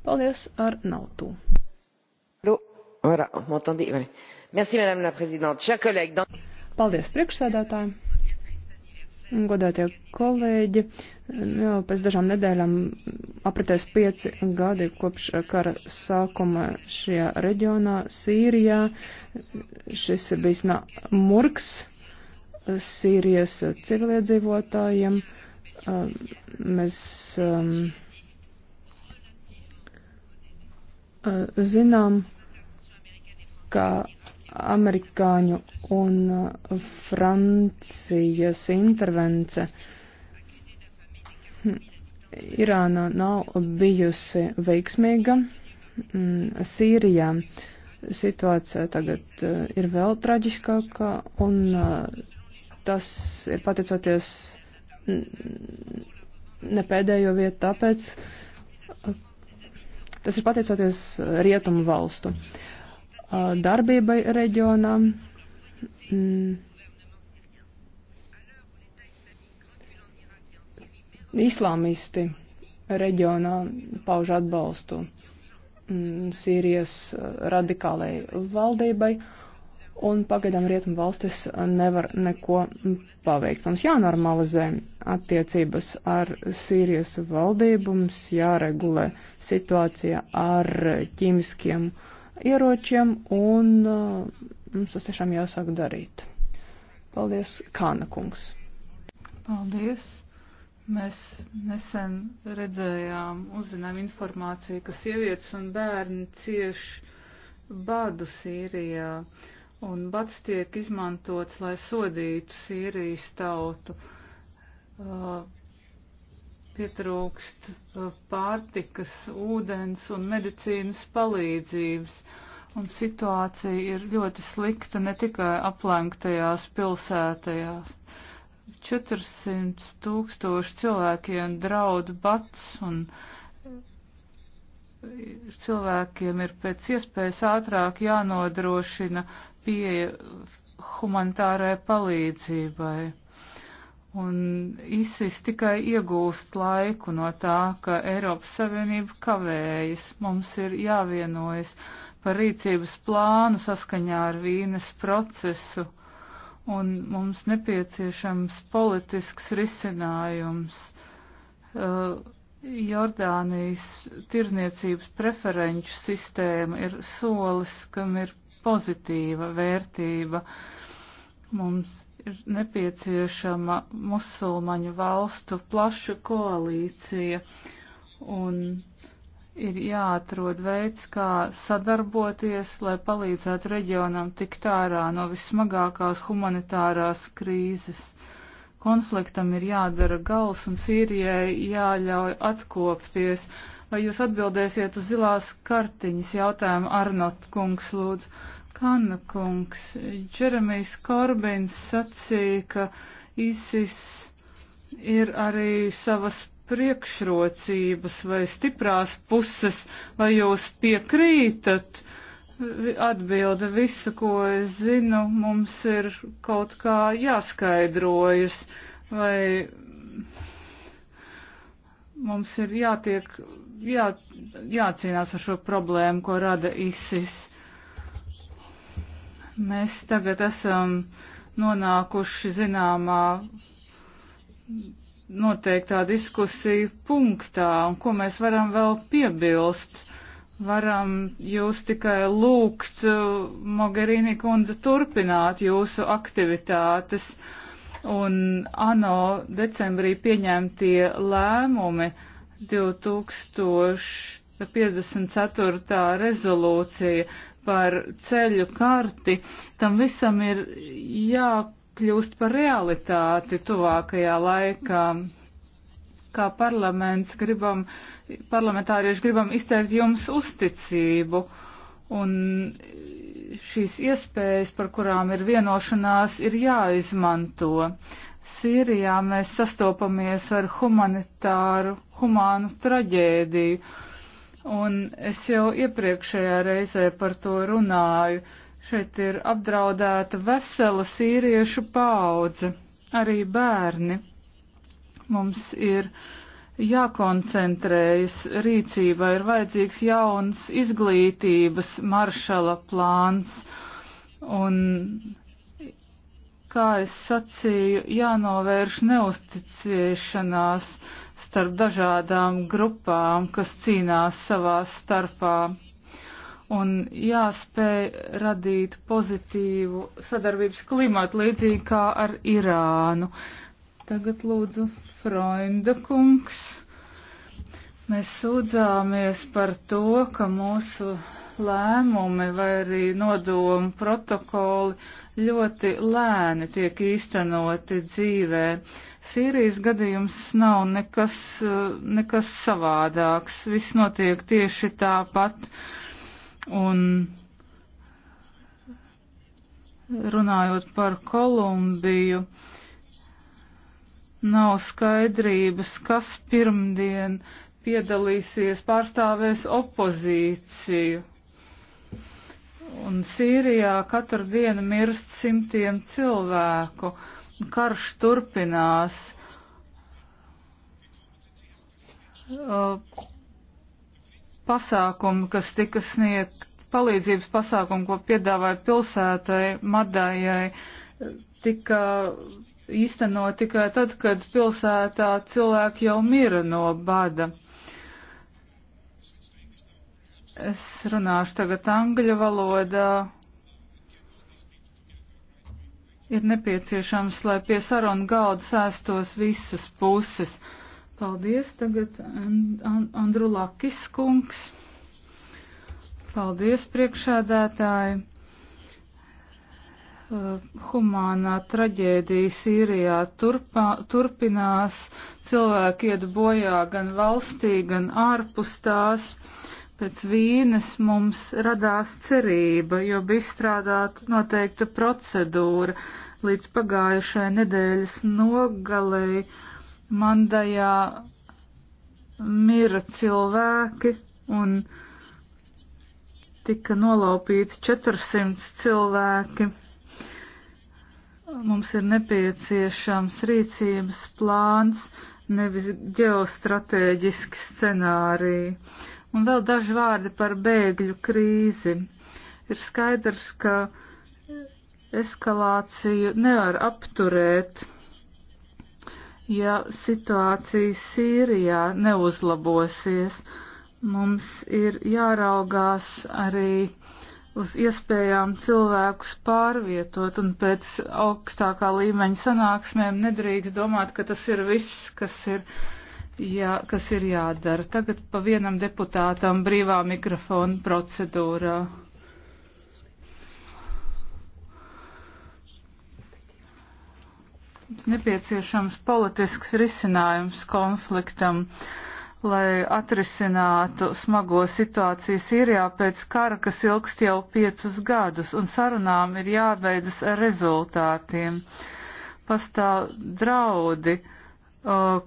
D: Paldies ar nautu. Paldies priekšsēdētājiem godātie kolēģi. Jau nu, pēc dažām nedēļām apritēs pieci gadi kopš kara sākuma šajā reģionā, Sīrijā. Šis ir bijis murgs Sīrijas civiliedzīvotājiem. Um, mēs um, uh, zinām, ka amerikāņu un uh, Francijas intervence hm, Irāna nav bijusi veiksmīga. Hm, Sīrijā situācija tagad uh, ir vēl traģiskāka, un uh, tas ir pateicoties ne pēdējo vietu tāpēc, tas ir pateicoties rietumu valstu. Uh, darbībai reģionā. Mm. Islāmisti reģionā pauž atbalstu mm, Sīrijas radikālajai valdībai, un pagaidām rietumu valstis nevar neko paveikt. Mums jānormalizē attiecības ar Sīrijas valdību, mums jāregulē situācija ar ķīmiskiem uh, ieročiem, un uh, mums tas tiešām jāsāk darīt. Paldies, Kāna kungs! Paldies!
E: Mēs nesen redzējām, uzzinām informāciju, ka sievietes un bērni cieš badu Sīrijā, un bads tiek izmantots, lai sodītu Sīrijas tautu. Uh, pietrūkst uh, pārtikas, ūdens un medicīnas palīdzības. Un situācija ir ļoti slikta ne tikai aplenktajās pilsētajās. 400 tūkstoši cilvēkiem draud bats un cilvēkiem ir pēc iespējas ātrāk jānodrošina pieeja humanitārai palīdzībai. Un ISIS tikai iegūst laiku no tā, ka Eiropas Savienība kavējas. Mums ir jāvienojas par rīcības plānu saskaņā ar vīnes procesu, un mums nepieciešams politisks risinājums. Uh, Jordānijas tirzniecības preferenču sistēma ir solis, kam ir pozitīva vērtība. Mums ir nepieciešama musulmaņu valstu plaša koalīcija un ir jāatrod veids, kā sadarboties, lai palīdzētu reģionam tikt ārā no vismagākās humanitārās krīzes. Konfliktam ir jādara gals un Sīrijai jāļauj atkopties. Vai jūs atbildēsiet uz zilās kartiņas jautājumu Arnot kungs lūdzu? Kana kungs, Džeremijs Korbins sacīja, ka ISIS ir arī savas priekšrocības vai stiprās puses, vai jūs piekrītat? Atbilde visu, ko es zinu, mums ir kaut kā jāskaidrojas, vai mums ir jātiek, jā, jācīnās ar šo problēmu, ko rada ISIS. Mēs tagad esam nonākuši zināmā noteiktā diskusija punktā, un ko mēs varam vēl piebilst. Varam jūs tikai lūgt, Mogherini kundze, turpināt jūsu aktivitātes, un ANO decembrī pieņemtie lēmumi 2054. rezolūcija par ceļu karti, tam visam ir jākļūst par realitāti tuvākajā laikā. Kā parlaments gribam, parlamentārieši gribam izteikt jums uzticību un šīs iespējas, par kurām ir vienošanās, ir jāizmanto. Sīrijā mēs sastopamies ar humanitāru, humānu traģēdiju Un es jau iepriekšējā reizē par to runāju. Šeit ir apdraudēta vesela sīriešu paudze, arī bērni. Mums ir jākoncentrējas rīcībā, ir vajadzīgs jauns izglītības maršala plāns. Un, kā es sacīju, jānovērš neusticēšanās starp dažādām grupām, kas cīnās savā starpā. Un jāspēj radīt pozitīvu sadarbības klimatu, līdzīgi kā ar Irānu. Tagad lūdzu Freunda kungs. Mēs sūdzāmies par to, ka mūsu lēmumi vai arī nodomu protokoli ļoti lēni tiek īstenoti dzīvē. Sīrijas gadījums nav nekas, nekas savādāks. Viss notiek tieši tāpat. Un runājot par Kolumbiju, nav skaidrības, kas pirmdien piedalīsies, pārstāvēs opozīciju. Un Sīrijā katru dienu mirst simtiem cilvēku. Uh, karš turpinās. Uh, pasākumi, kas tika sniegt, palīdzības pasākumi, ko piedāvāja pilsētai Madājai, tika īstenot tikai tad, kad pilsētā cilvēki jau mira no bada. Es runāšu tagad angļu valodā ir nepieciešams, lai pie sarunu galda sēstos visas puses. Paldies, tagad And And Andru Lakis kungs. Paldies, priekšēdētāji. Uh, humānā traģēdija Sīrijā turpā, turpinās, cilvēki iet bojā gan valstī, gan ārpus tās pēc vīnes mums radās cerība, jo bija izstrādāta noteikta procedūra. Līdz pagājušajai nedēļas nogalei Mandajā mira cilvēki un tika nolaupīti 400 cilvēki. Mums ir nepieciešams rīcības plāns, nevis ģeostrateģiski scenāriji Un vēl daži vārdi par bēgļu krīzi. Ir skaidrs, ka eskalāciju nevar apturēt, ja situācija Sīrijā neuzlabosies. Mums ir jāraugās arī uz iespējām cilvēkus pārvietot, un pēc augstākā līmeņa sanāksmēm nedrīkst domāt, ka tas ir viss, kas ir jā, kas ir jādara. Tagad pa vienam deputātam brīvā mikrofona procedūrā. Mums nepieciešams politisks risinājums konfliktam, lai atrisinātu smago situāciju Sīrijā pēc kara, kas ilgst jau piecus gadus, un sarunām ir jābeidzas ar rezultātiem. Pastāv draudi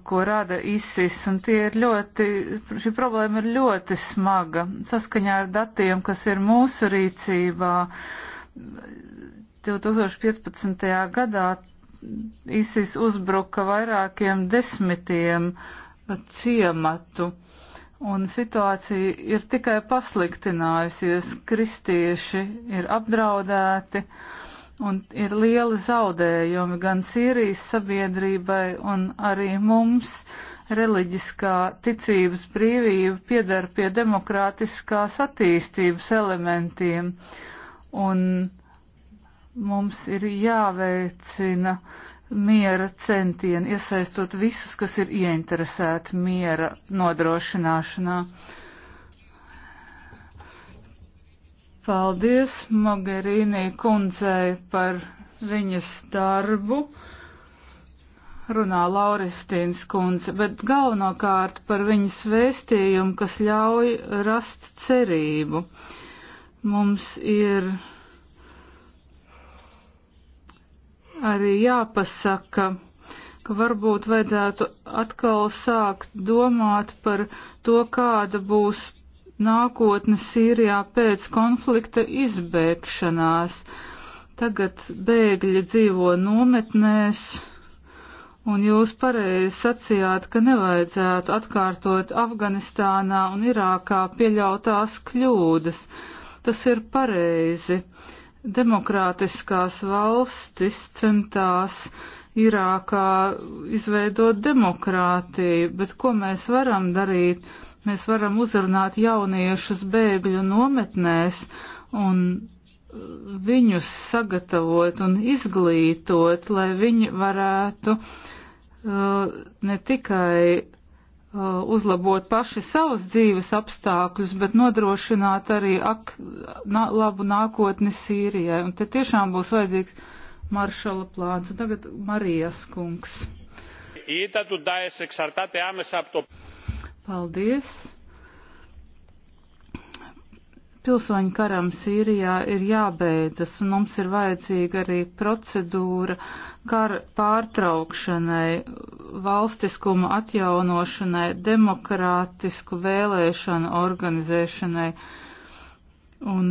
E: ko rada ISIS, un tie ir ļoti, šī problēma ir ļoti smaga. Saskaņā ar datiem, kas ir mūsu rīcībā, 2015. gadā ISIS uzbruka vairākiem desmitiem ciematu, un situācija ir tikai pasliktinājusies, kristieši ir apdraudēti. Uh, un ir lieli zaudējumi gan Sīrijas sabiedrībai, un arī mums reliģiskā ticības brīvība piedara pie demokrātiskās attīstības elementiem, un mums ir jāveicina miera centieni, iesaistot visus, kas ir ieinteresēti miera nodrošināšanā. Paldies Mogherīnī kundzei par viņas darbu. Runā Lauristīnas kundze, bet galvenokārt par viņas vēstījumu, kas ļauj rast cerību. Mums ir arī jāpasaka, ka varbūt vajadzētu atkal sākt domāt par to, kāda būs nākotne Sīrijā pēc konflikta izbēgšanās. Tagad bēgļi dzīvo nometnēs, un jūs pareizi sacījāt, ka nevajadzētu atkārtot Afganistānā un Irākā pieļautās kļūdas. Tas ir pareizi. Demokrātiskās valstis centās Irākā izveidot demokrātiju, bet ko mēs varam darīt? Mēs varam uzrunāt jauniešus bēgļu nometnēs un uh, viņus sagatavot un izglītot, lai viņi varētu uh, ne tikai uh, uzlabot paši savus dzīves apstākļus, bet nodrošināt arī ak, na, labu nākotni Sīrijai. Un te tiešām būs vajadzīgs maršala plāns. Tagad Marijas kungs.
A: Ietātu dājas eksartāte
E: āmesa apto. Paldies! Pilsoņu karam Sīrijā ir jābeidzas, un mums ir vajadzīga arī procedūra kara pārtraukšanai, valstiskuma atjaunošanai, demokrātisku vēlēšanu organizēšanai. Un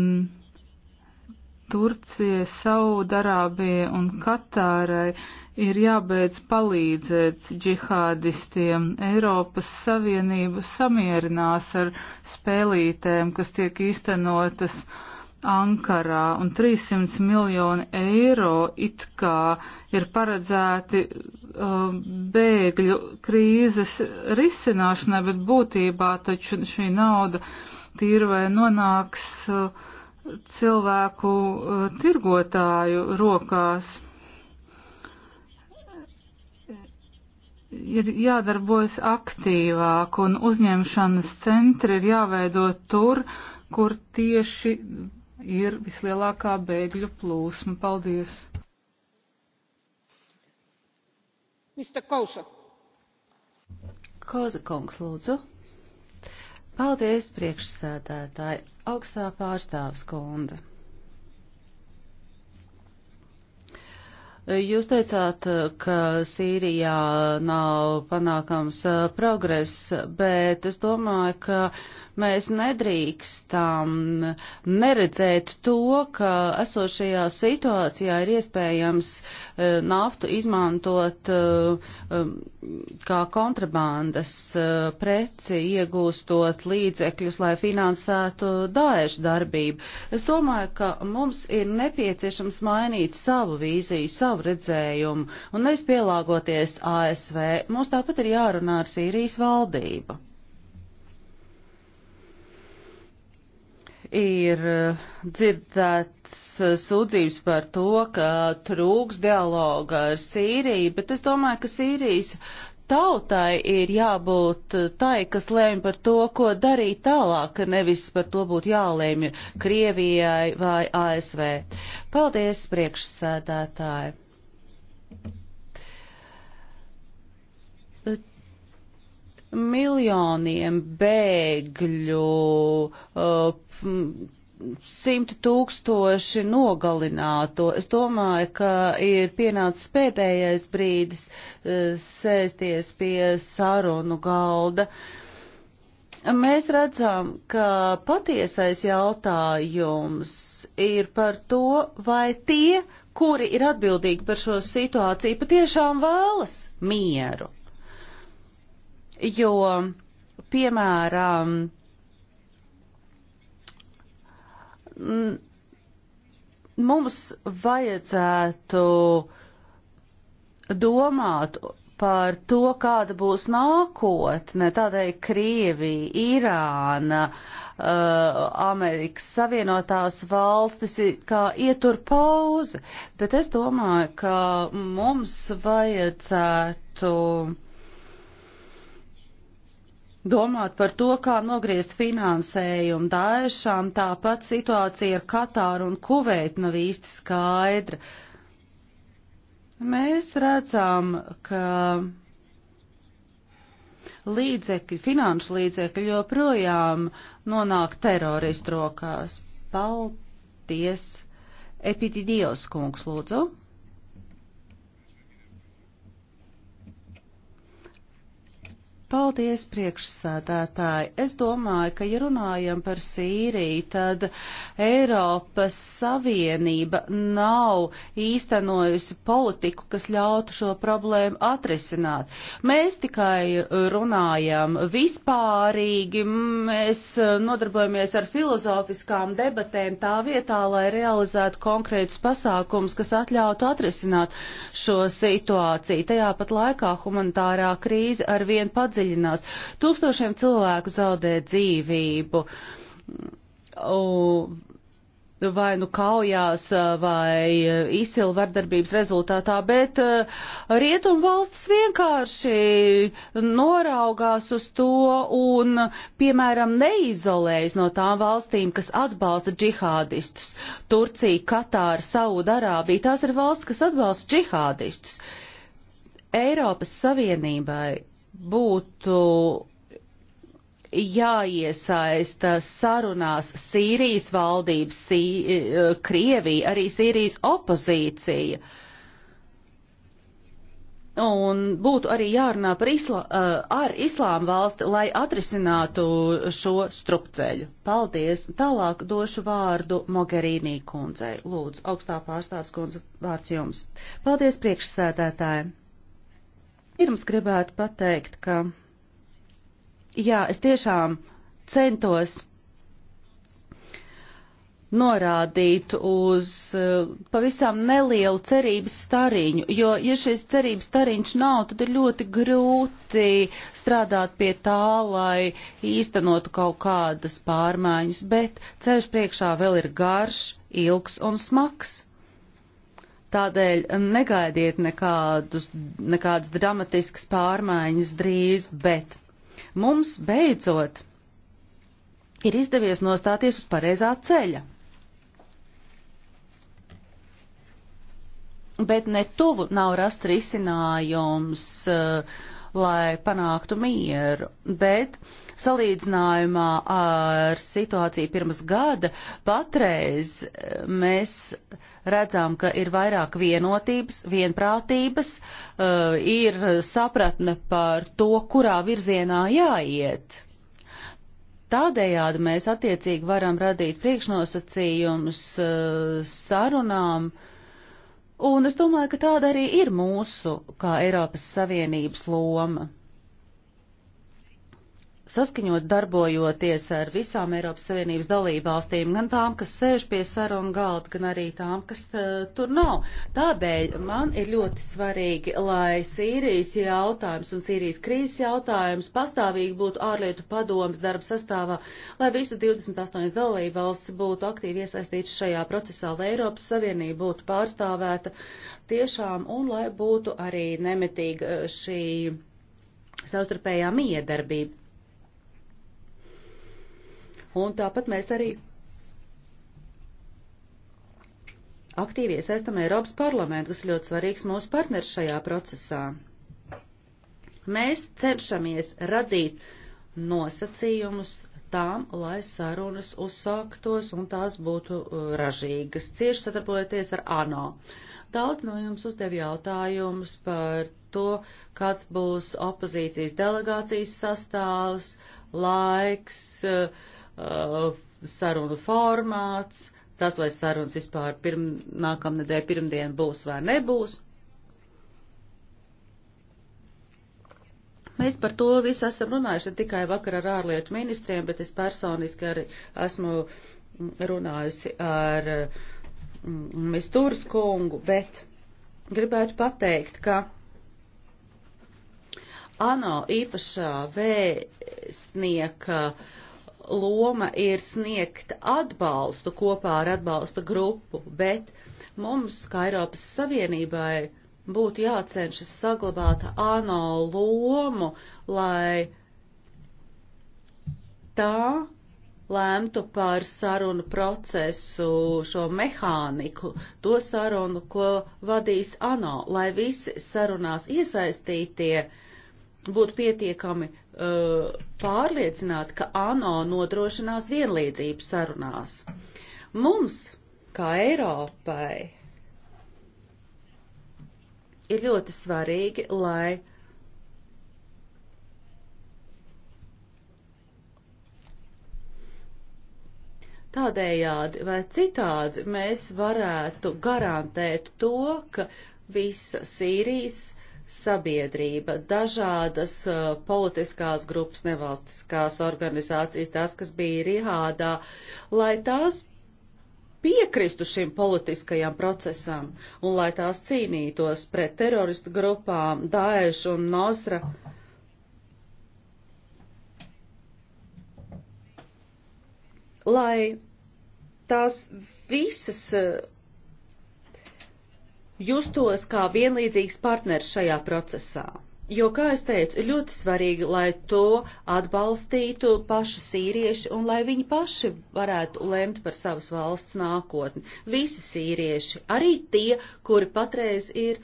E: Turcijai, Saudarābijai un Katārai ir jābeidz palīdzēt džihādistiem. Eiropas Savienība samierinās ar spēlītēm, kas tiek īstenotas Ankarā, un 300 miljoni eiro it kā ir paredzēti uh, bēgļu krīzes risināšanai, bet būtībā taču šī nauda tīri vai nonāks. Uh, cilvēku e, tirgotāju rokās. Ir jādarbojas aktīvāk un uzņemšanas centri ir jāveido tur, kur tieši ir vislielākā bēgļu plūsma. Paldies! Mr. Kausa.
C: Kausa kungs, lūdzu. Paldies, priekšsēdētāji, augstā pārstāvs kundze. Jūs teicāt, ka Sīrijā nav panākams uh, progress, bet es domāju, ka Mēs nedrīkstam neredzēt to, ka esošajā situācijā ir iespējams e, naftu izmantot e, e, kā kontrabandas preci, iegūstot līdzekļus, lai finansētu daēšu darbību. Es domāju, ka mums ir nepieciešams mainīt savu vīziju, savu redzējumu un nevis pielāgoties ASV. Mums tāpat ir jārunā ar Sīrijas valdību. ir eh, dzirdēts eh, sūdzības par to, ka trūks dialoga ar Sīriju, bet es domāju, ka Sīrijas tautai ir jābūt eh, tai, kas lēma par to, ko darīt tālāk, nevis par to būtu jālēmj Krievijai vai ASV. Paldies, priekšsēdētāji! miljoniem bēgļu, uh, simti tūkstoši nogalināto. Es domāju, ka ir pienācis pēdējais brīdis uh, sēsties pie sarunu galda. Mēs redzam, ka patiesais jautājums ir par to, vai tie, kuri ir atbildīgi par šo situāciju, patiešām vēlas mieru jo, piemēram, mums vajadzētu domāt par to, kāda būs nākotne, tādēļ Krievija, Irāna, uh, Amerikas Savienotās valstis kā ietur pauzi, bet es domāju, ka mums vajadzētu uh, domāt par to, kā nogriezt finansējumu Daešām, tāpat situācija ar Katāru un Kuveitu nav īsti skaidra. Mēs redzam, ka līdzekļi, finanšu līdzekļi joprojām nonāk teroristu rokās. Paldies! Epitidijos kungs, lūdzu! Paldies, priekšsēdētāji. Es domāju, ka, ja runājam par Sīriju, tad Eiropas Savienība nav īstenojusi politiku, kas ļautu šo problēmu atrisināt. Mēs tikai runājam vispārīgi, mēs nodarbojamies ar filozofiskām debatēm tā vietā, lai realizētu konkrētus pasākums, kas atļautu atrisināt šo situāciju. Tajā pat laikā humanitārā krīze arvien padzīvot padziļinās. Tūkstošiem cilvēku zaudē dzīvību. Vai nu kaujās, vai izcila vardarbības rezultātā, bet uh, rietumu valstis vienkārši noraugās uz to un, piemēram, neizolējas no tām valstīm, kas atbalsta džihādistus. Turcija, Katāra, Saudarābija, tās ir valsts, kas atbalsta džihādistus. Eiropas Savienībai būtu jāiesaista sarunās Sīrijas valdības, Sī, e, Krievija, arī Sīrijas opozīcija. Un būtu arī jārunā par islā, e, ar islāma valsti, lai atrisinātu šo strupceļu. Paldies. Tālāk došu vārdu Mogherīnī kundzei. Lūdzu, augstā pārstāvs kundze, vārds jums. Paldies priekšsēdētājiem. Pirms gribētu pateikt, ka jā, es tiešām centos norādīt uz eh, pavisam nelielu cerības stariņu, jo, ja šis cerības stariņš nav, tad ir ļoti grūti strādāt pie tā, lai īstenotu kaut kādas pārmaiņas, bet ceļš priekšā vēl ir garš, ilgs un smags. Tādēļ negaidiet nekādus, nekādas dramatiskas pārmaiņas drīz, bet mums beidzot ir izdevies nostāties uz pareizā ceļa. Bet ne tuvu nav rasts risinājums uh, lai panāktu mieru, bet salīdzinājumā ar situāciju pirms gada patreiz mēs redzam, ka ir vairāk vienotības, vienprātības, eh, ir sapratne par to, kurā virzienā jāiet. Tādējādi mēs attiecīgi varam radīt priekšnosacījumus eh, sarunām, uh, Un es domāju, ka tāda arī ir mūsu, kā Eiropas Savienības loma saskaņot darbojoties ar visām Eiropas Savienības dalībvalstīm, gan tām, kas sēž pie sarunu galda, gan arī tām, kas uh, tur nav. Tādēļ man ir ļoti svarīgi, lai Sīrijas jautājums un Sīrijas krīzes jautājums pastāvīgi būtu ārlietu padomas darba sastāvā, lai visi 28 dalībvalsts būtu aktīvi iesaistīts šajā procesā, lai Eiropas Savienība būtu pārstāvēta tiešām un lai būtu arī nemitīga eh, šī savstarpējā miedarbība. Un tāpat mēs arī aktīvi iesaistam Eiropas parlamentu, kas ir ļoti svarīgs mūsu partners šajā procesā. Mēs cenšamies radīt nosacījumus tām, lai sarunas uzsāktos un tās būtu uh, ražīgas, cieši sadarbojoties ar ANO. Daudz no jums uzdev jautājumus par to, kāds būs opozīcijas delegācijas sastāvs, laiks, uh, uh, sarunu formāts, tas vai sarunas vispār pirm, nākamnedēļ pirmdien būs vai nebūs. Mēs par to visu esam runājuši ne tikai vakar ar ārlietu ministriem, bet es personiski arī esmu runājusi ar mm, Mistūras kungu, bet gribētu pateikt, ka ANO īpašā vēstnieka uh, loma ir sniegt atbalstu kopā ar atbalsta grupu, bet mums, kā Eiropas Savienībai, būtu jācenšas saglabāt ANO lomu, lai tā lēmtu par sarunu procesu, šo mehāniku, to sarunu, ko vadīs ANO, lai visi sarunās iesaistītie būtu pietiekami uh, pārliecināti, ka ANO nodrošinās vienlīdzību sarunās. Mums, kā Eiropai, ir ļoti svarīgi, lai tādējādi vai citādi mēs varētu garantēt to, ka visa Sīrijas sabiedrība, dažādas uh, politiskās grupas, nevalstiskās organizācijas, tās, kas bija Rihādā, lai tās piekristu šim politiskajam procesam un lai tās cīnītos pret teroristu grupām Daešu un Nosra. Lai tās visas uh, justos kā vienlīdzīgs partners šajā procesā. Jo, kā es teicu, ir ļoti svarīgi, lai to atbalstītu paši sīrieši un lai viņi paši varētu lemt par savas valsts nākotni. Visi sīrieši, arī tie, kuri patreiz ir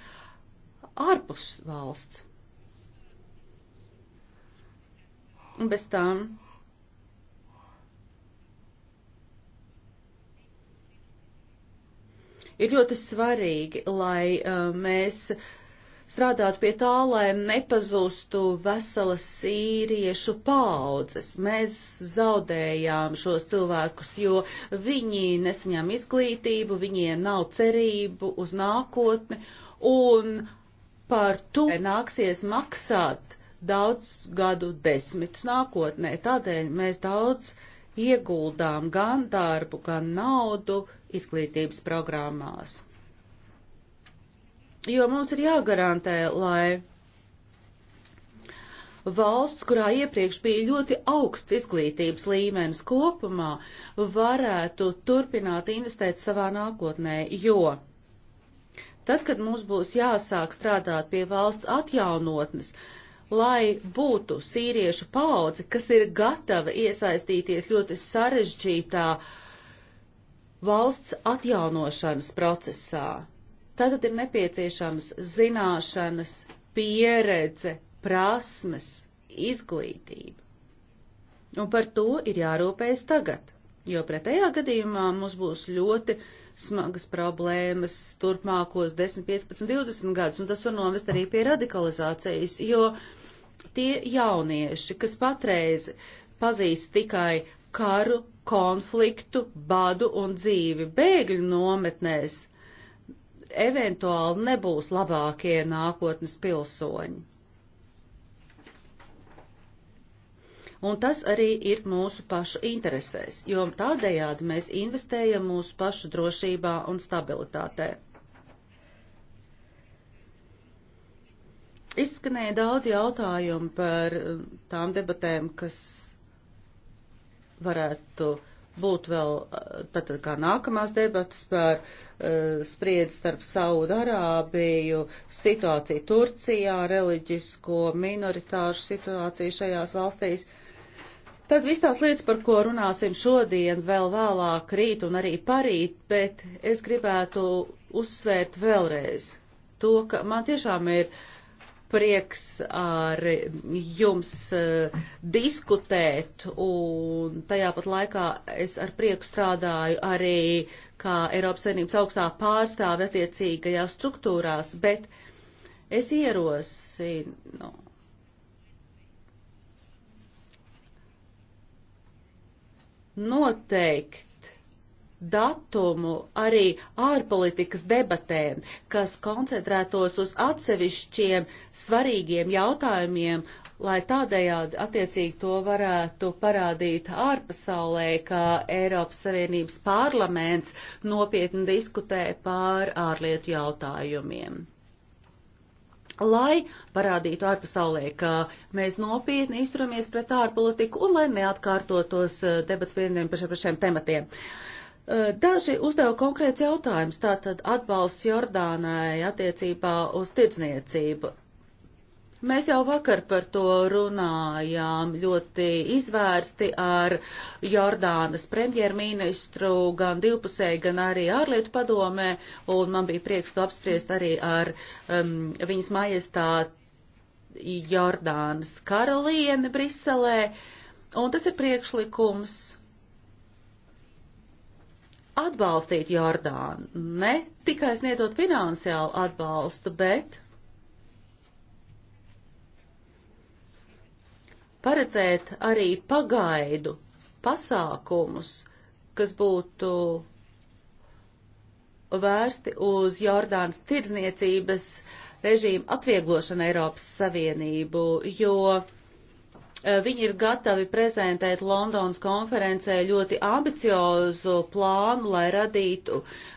C: ārpus valsts. Un bez tām Ir ļoti svarīgi, lai uh, mēs strādāt pie tā, lai nepazustu veselas sīriešu paudzes. Mēs zaudējām šos cilvēkus, jo viņi nesaņem izglītību, viņiem nav cerību uz nākotni, un par to nāksies maksāt daudz gadu desmitus nākotnē. Tādēļ mēs daudz ieguldām gan darbu, gan naudu izglītības programmās. Jo mums ir jāgarantē, lai valsts, kurā iepriekš bija ļoti augsts izglītības līmenis kopumā, varētu turpināt investēt savā nākotnē, jo tad, kad mums būs jāsāk strādāt pie valsts atjaunotnes, lai būtu sīriešu paudze, kas ir gatava iesaistīties ļoti sarežģītā uh, valsts atjaunošanas procesā. Tātad ir nepieciešams zināšanas, pieredze, prasmes, izglītība. Un par to ir jārūpējas tagad, jo pretējā gadījumā mums būs ļoti smagas problēmas turpmākos 10, 15, 20 gadus, un tas var novest arī pie radikalizācijas, jo tie jaunieši, kas patreiz pazīst tikai karu, konfliktu, badu un dzīvi bēgļu nometnēs, eventuāli nebūs labākie nākotnes pilsoņi. Un tas arī ir mūsu pašu interesēs, jo tādējādi mēs investējam mūsu pašu drošībā un stabilitātē. Izskanēja daudz jautājumu par tām debatēm, kas varētu būt vēl tātad eh, kā nākamās debatas par uh, spriedzi starp Saudarābiju, situāciju Turcijā, reliģisko minoritāšu situāciju šajās valstīs. Tad viss tās lietas, par ko runāsim šodien, vēl vēlāk rīt un arī parīt, bet es gribētu uzsvērt vēlreiz to, ka man tiešām ir uh, prieks ar jums eh, diskutēt, un tajā pat laikā es ar prieku strādāju arī kā Eiropas Savienības augstā pārstāve attiecīgajās struktūrās, bet es ierosinu. Noteikti datumu arī ārpolitikas debatēm, kas koncentrētos uz atsevišķiem svarīgiem jautājumiem, lai tādējādi attiecīgi to varētu parādīt ārpasaulē, ka Eiropas Savienības parlaments nopietni diskutē pār ārlietu jautājumiem. Lai parādītu ārpasaulē, ka mēs nopietni izturamies pret ārpolitiku un lai neatkārtotos debats vieniem par šiem tematiem. Uh, Eh, daži uzdeva konkrēts jautājums, tātad atbalsts Jordānai attiecībā uz tirdzniecību. Mēs jau vakar par to runājām ļoti izvērsti ar Jordānas premjerministru gan divpusēji, gan arī ārlietu padomē, un man bija prieks to apspriest arī ar um, viņas majestāti Jordānas karalieni Briselē, un tas ir priekšlikums atbalstīt Jordānu, ne tikai sniedzot finansiālu atbalstu, bet paredzēt arī pagaidu pasākumus, kas būtu vērsti uz Jordānas tirdzniecības režīmu atvieglošanu Eiropas Savienību, jo Eh, viņi ir gatavi prezentēt Londonas konferencē ļoti ambiciozu plānu, lai radītu eh,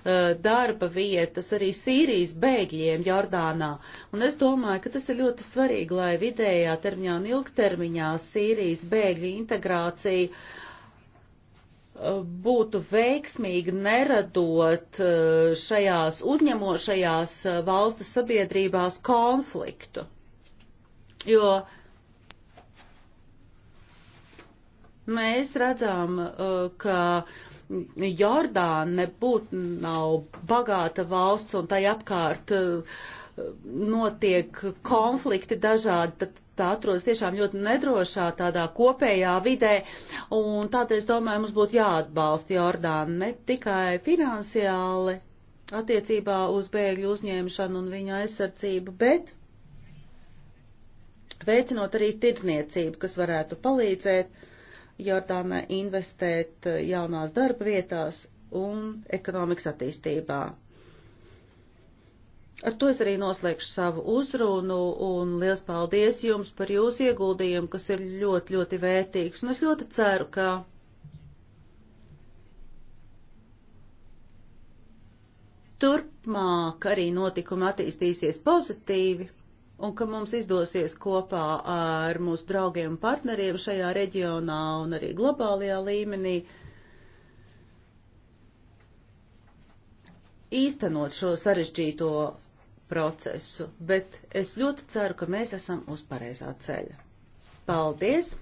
C: darba vietas arī Sīrijas bēgļiem Jordānā. Un es domāju, ka tas ir ļoti svarīgi, lai vidējā termiņā un ilgtermiņā Sīrijas bēgļu integrācija eh, būtu veiksmīgi neradot šajās uzņemošajās valstu sabiedrībās konfliktu. Jo uh, Mēs redzam, uh, ka Jordāna nebūtu nav bagāta valsts un tai apkārt uh, notiek konflikti dažādi, tad tā atrodas tiešām ļoti nedrošā tādā kopējā vidē, un tādēļ es domāju, mums būtu jāatbalsta Jordāna ne tikai finansiāli attiecībā uz bēgļu uzņemšanu un viņu aizsardzību, bet veicinot arī tirdzniecību, kas varētu palīdzēt Jordānai investēt eh, jaunās darba vietās un ekonomikas attīstībā. Ar to es arī noslēgšu savu uzrunu un liels paldies jums par jūsu ieguldījumu, kas ir ļoti, ļoti vērtīgs. Un es ļoti ceru, ka turpmāk arī notikumi attīstīsies pozitīvi un ka mums izdosies kopā ar mūsu draugiem un partneriem šajā reģionā un arī globālajā līmenī īstenot šo sarežģīto procesu, bet es ļoti ceru, ka mēs esam uz pareizā ceļa. Paldies!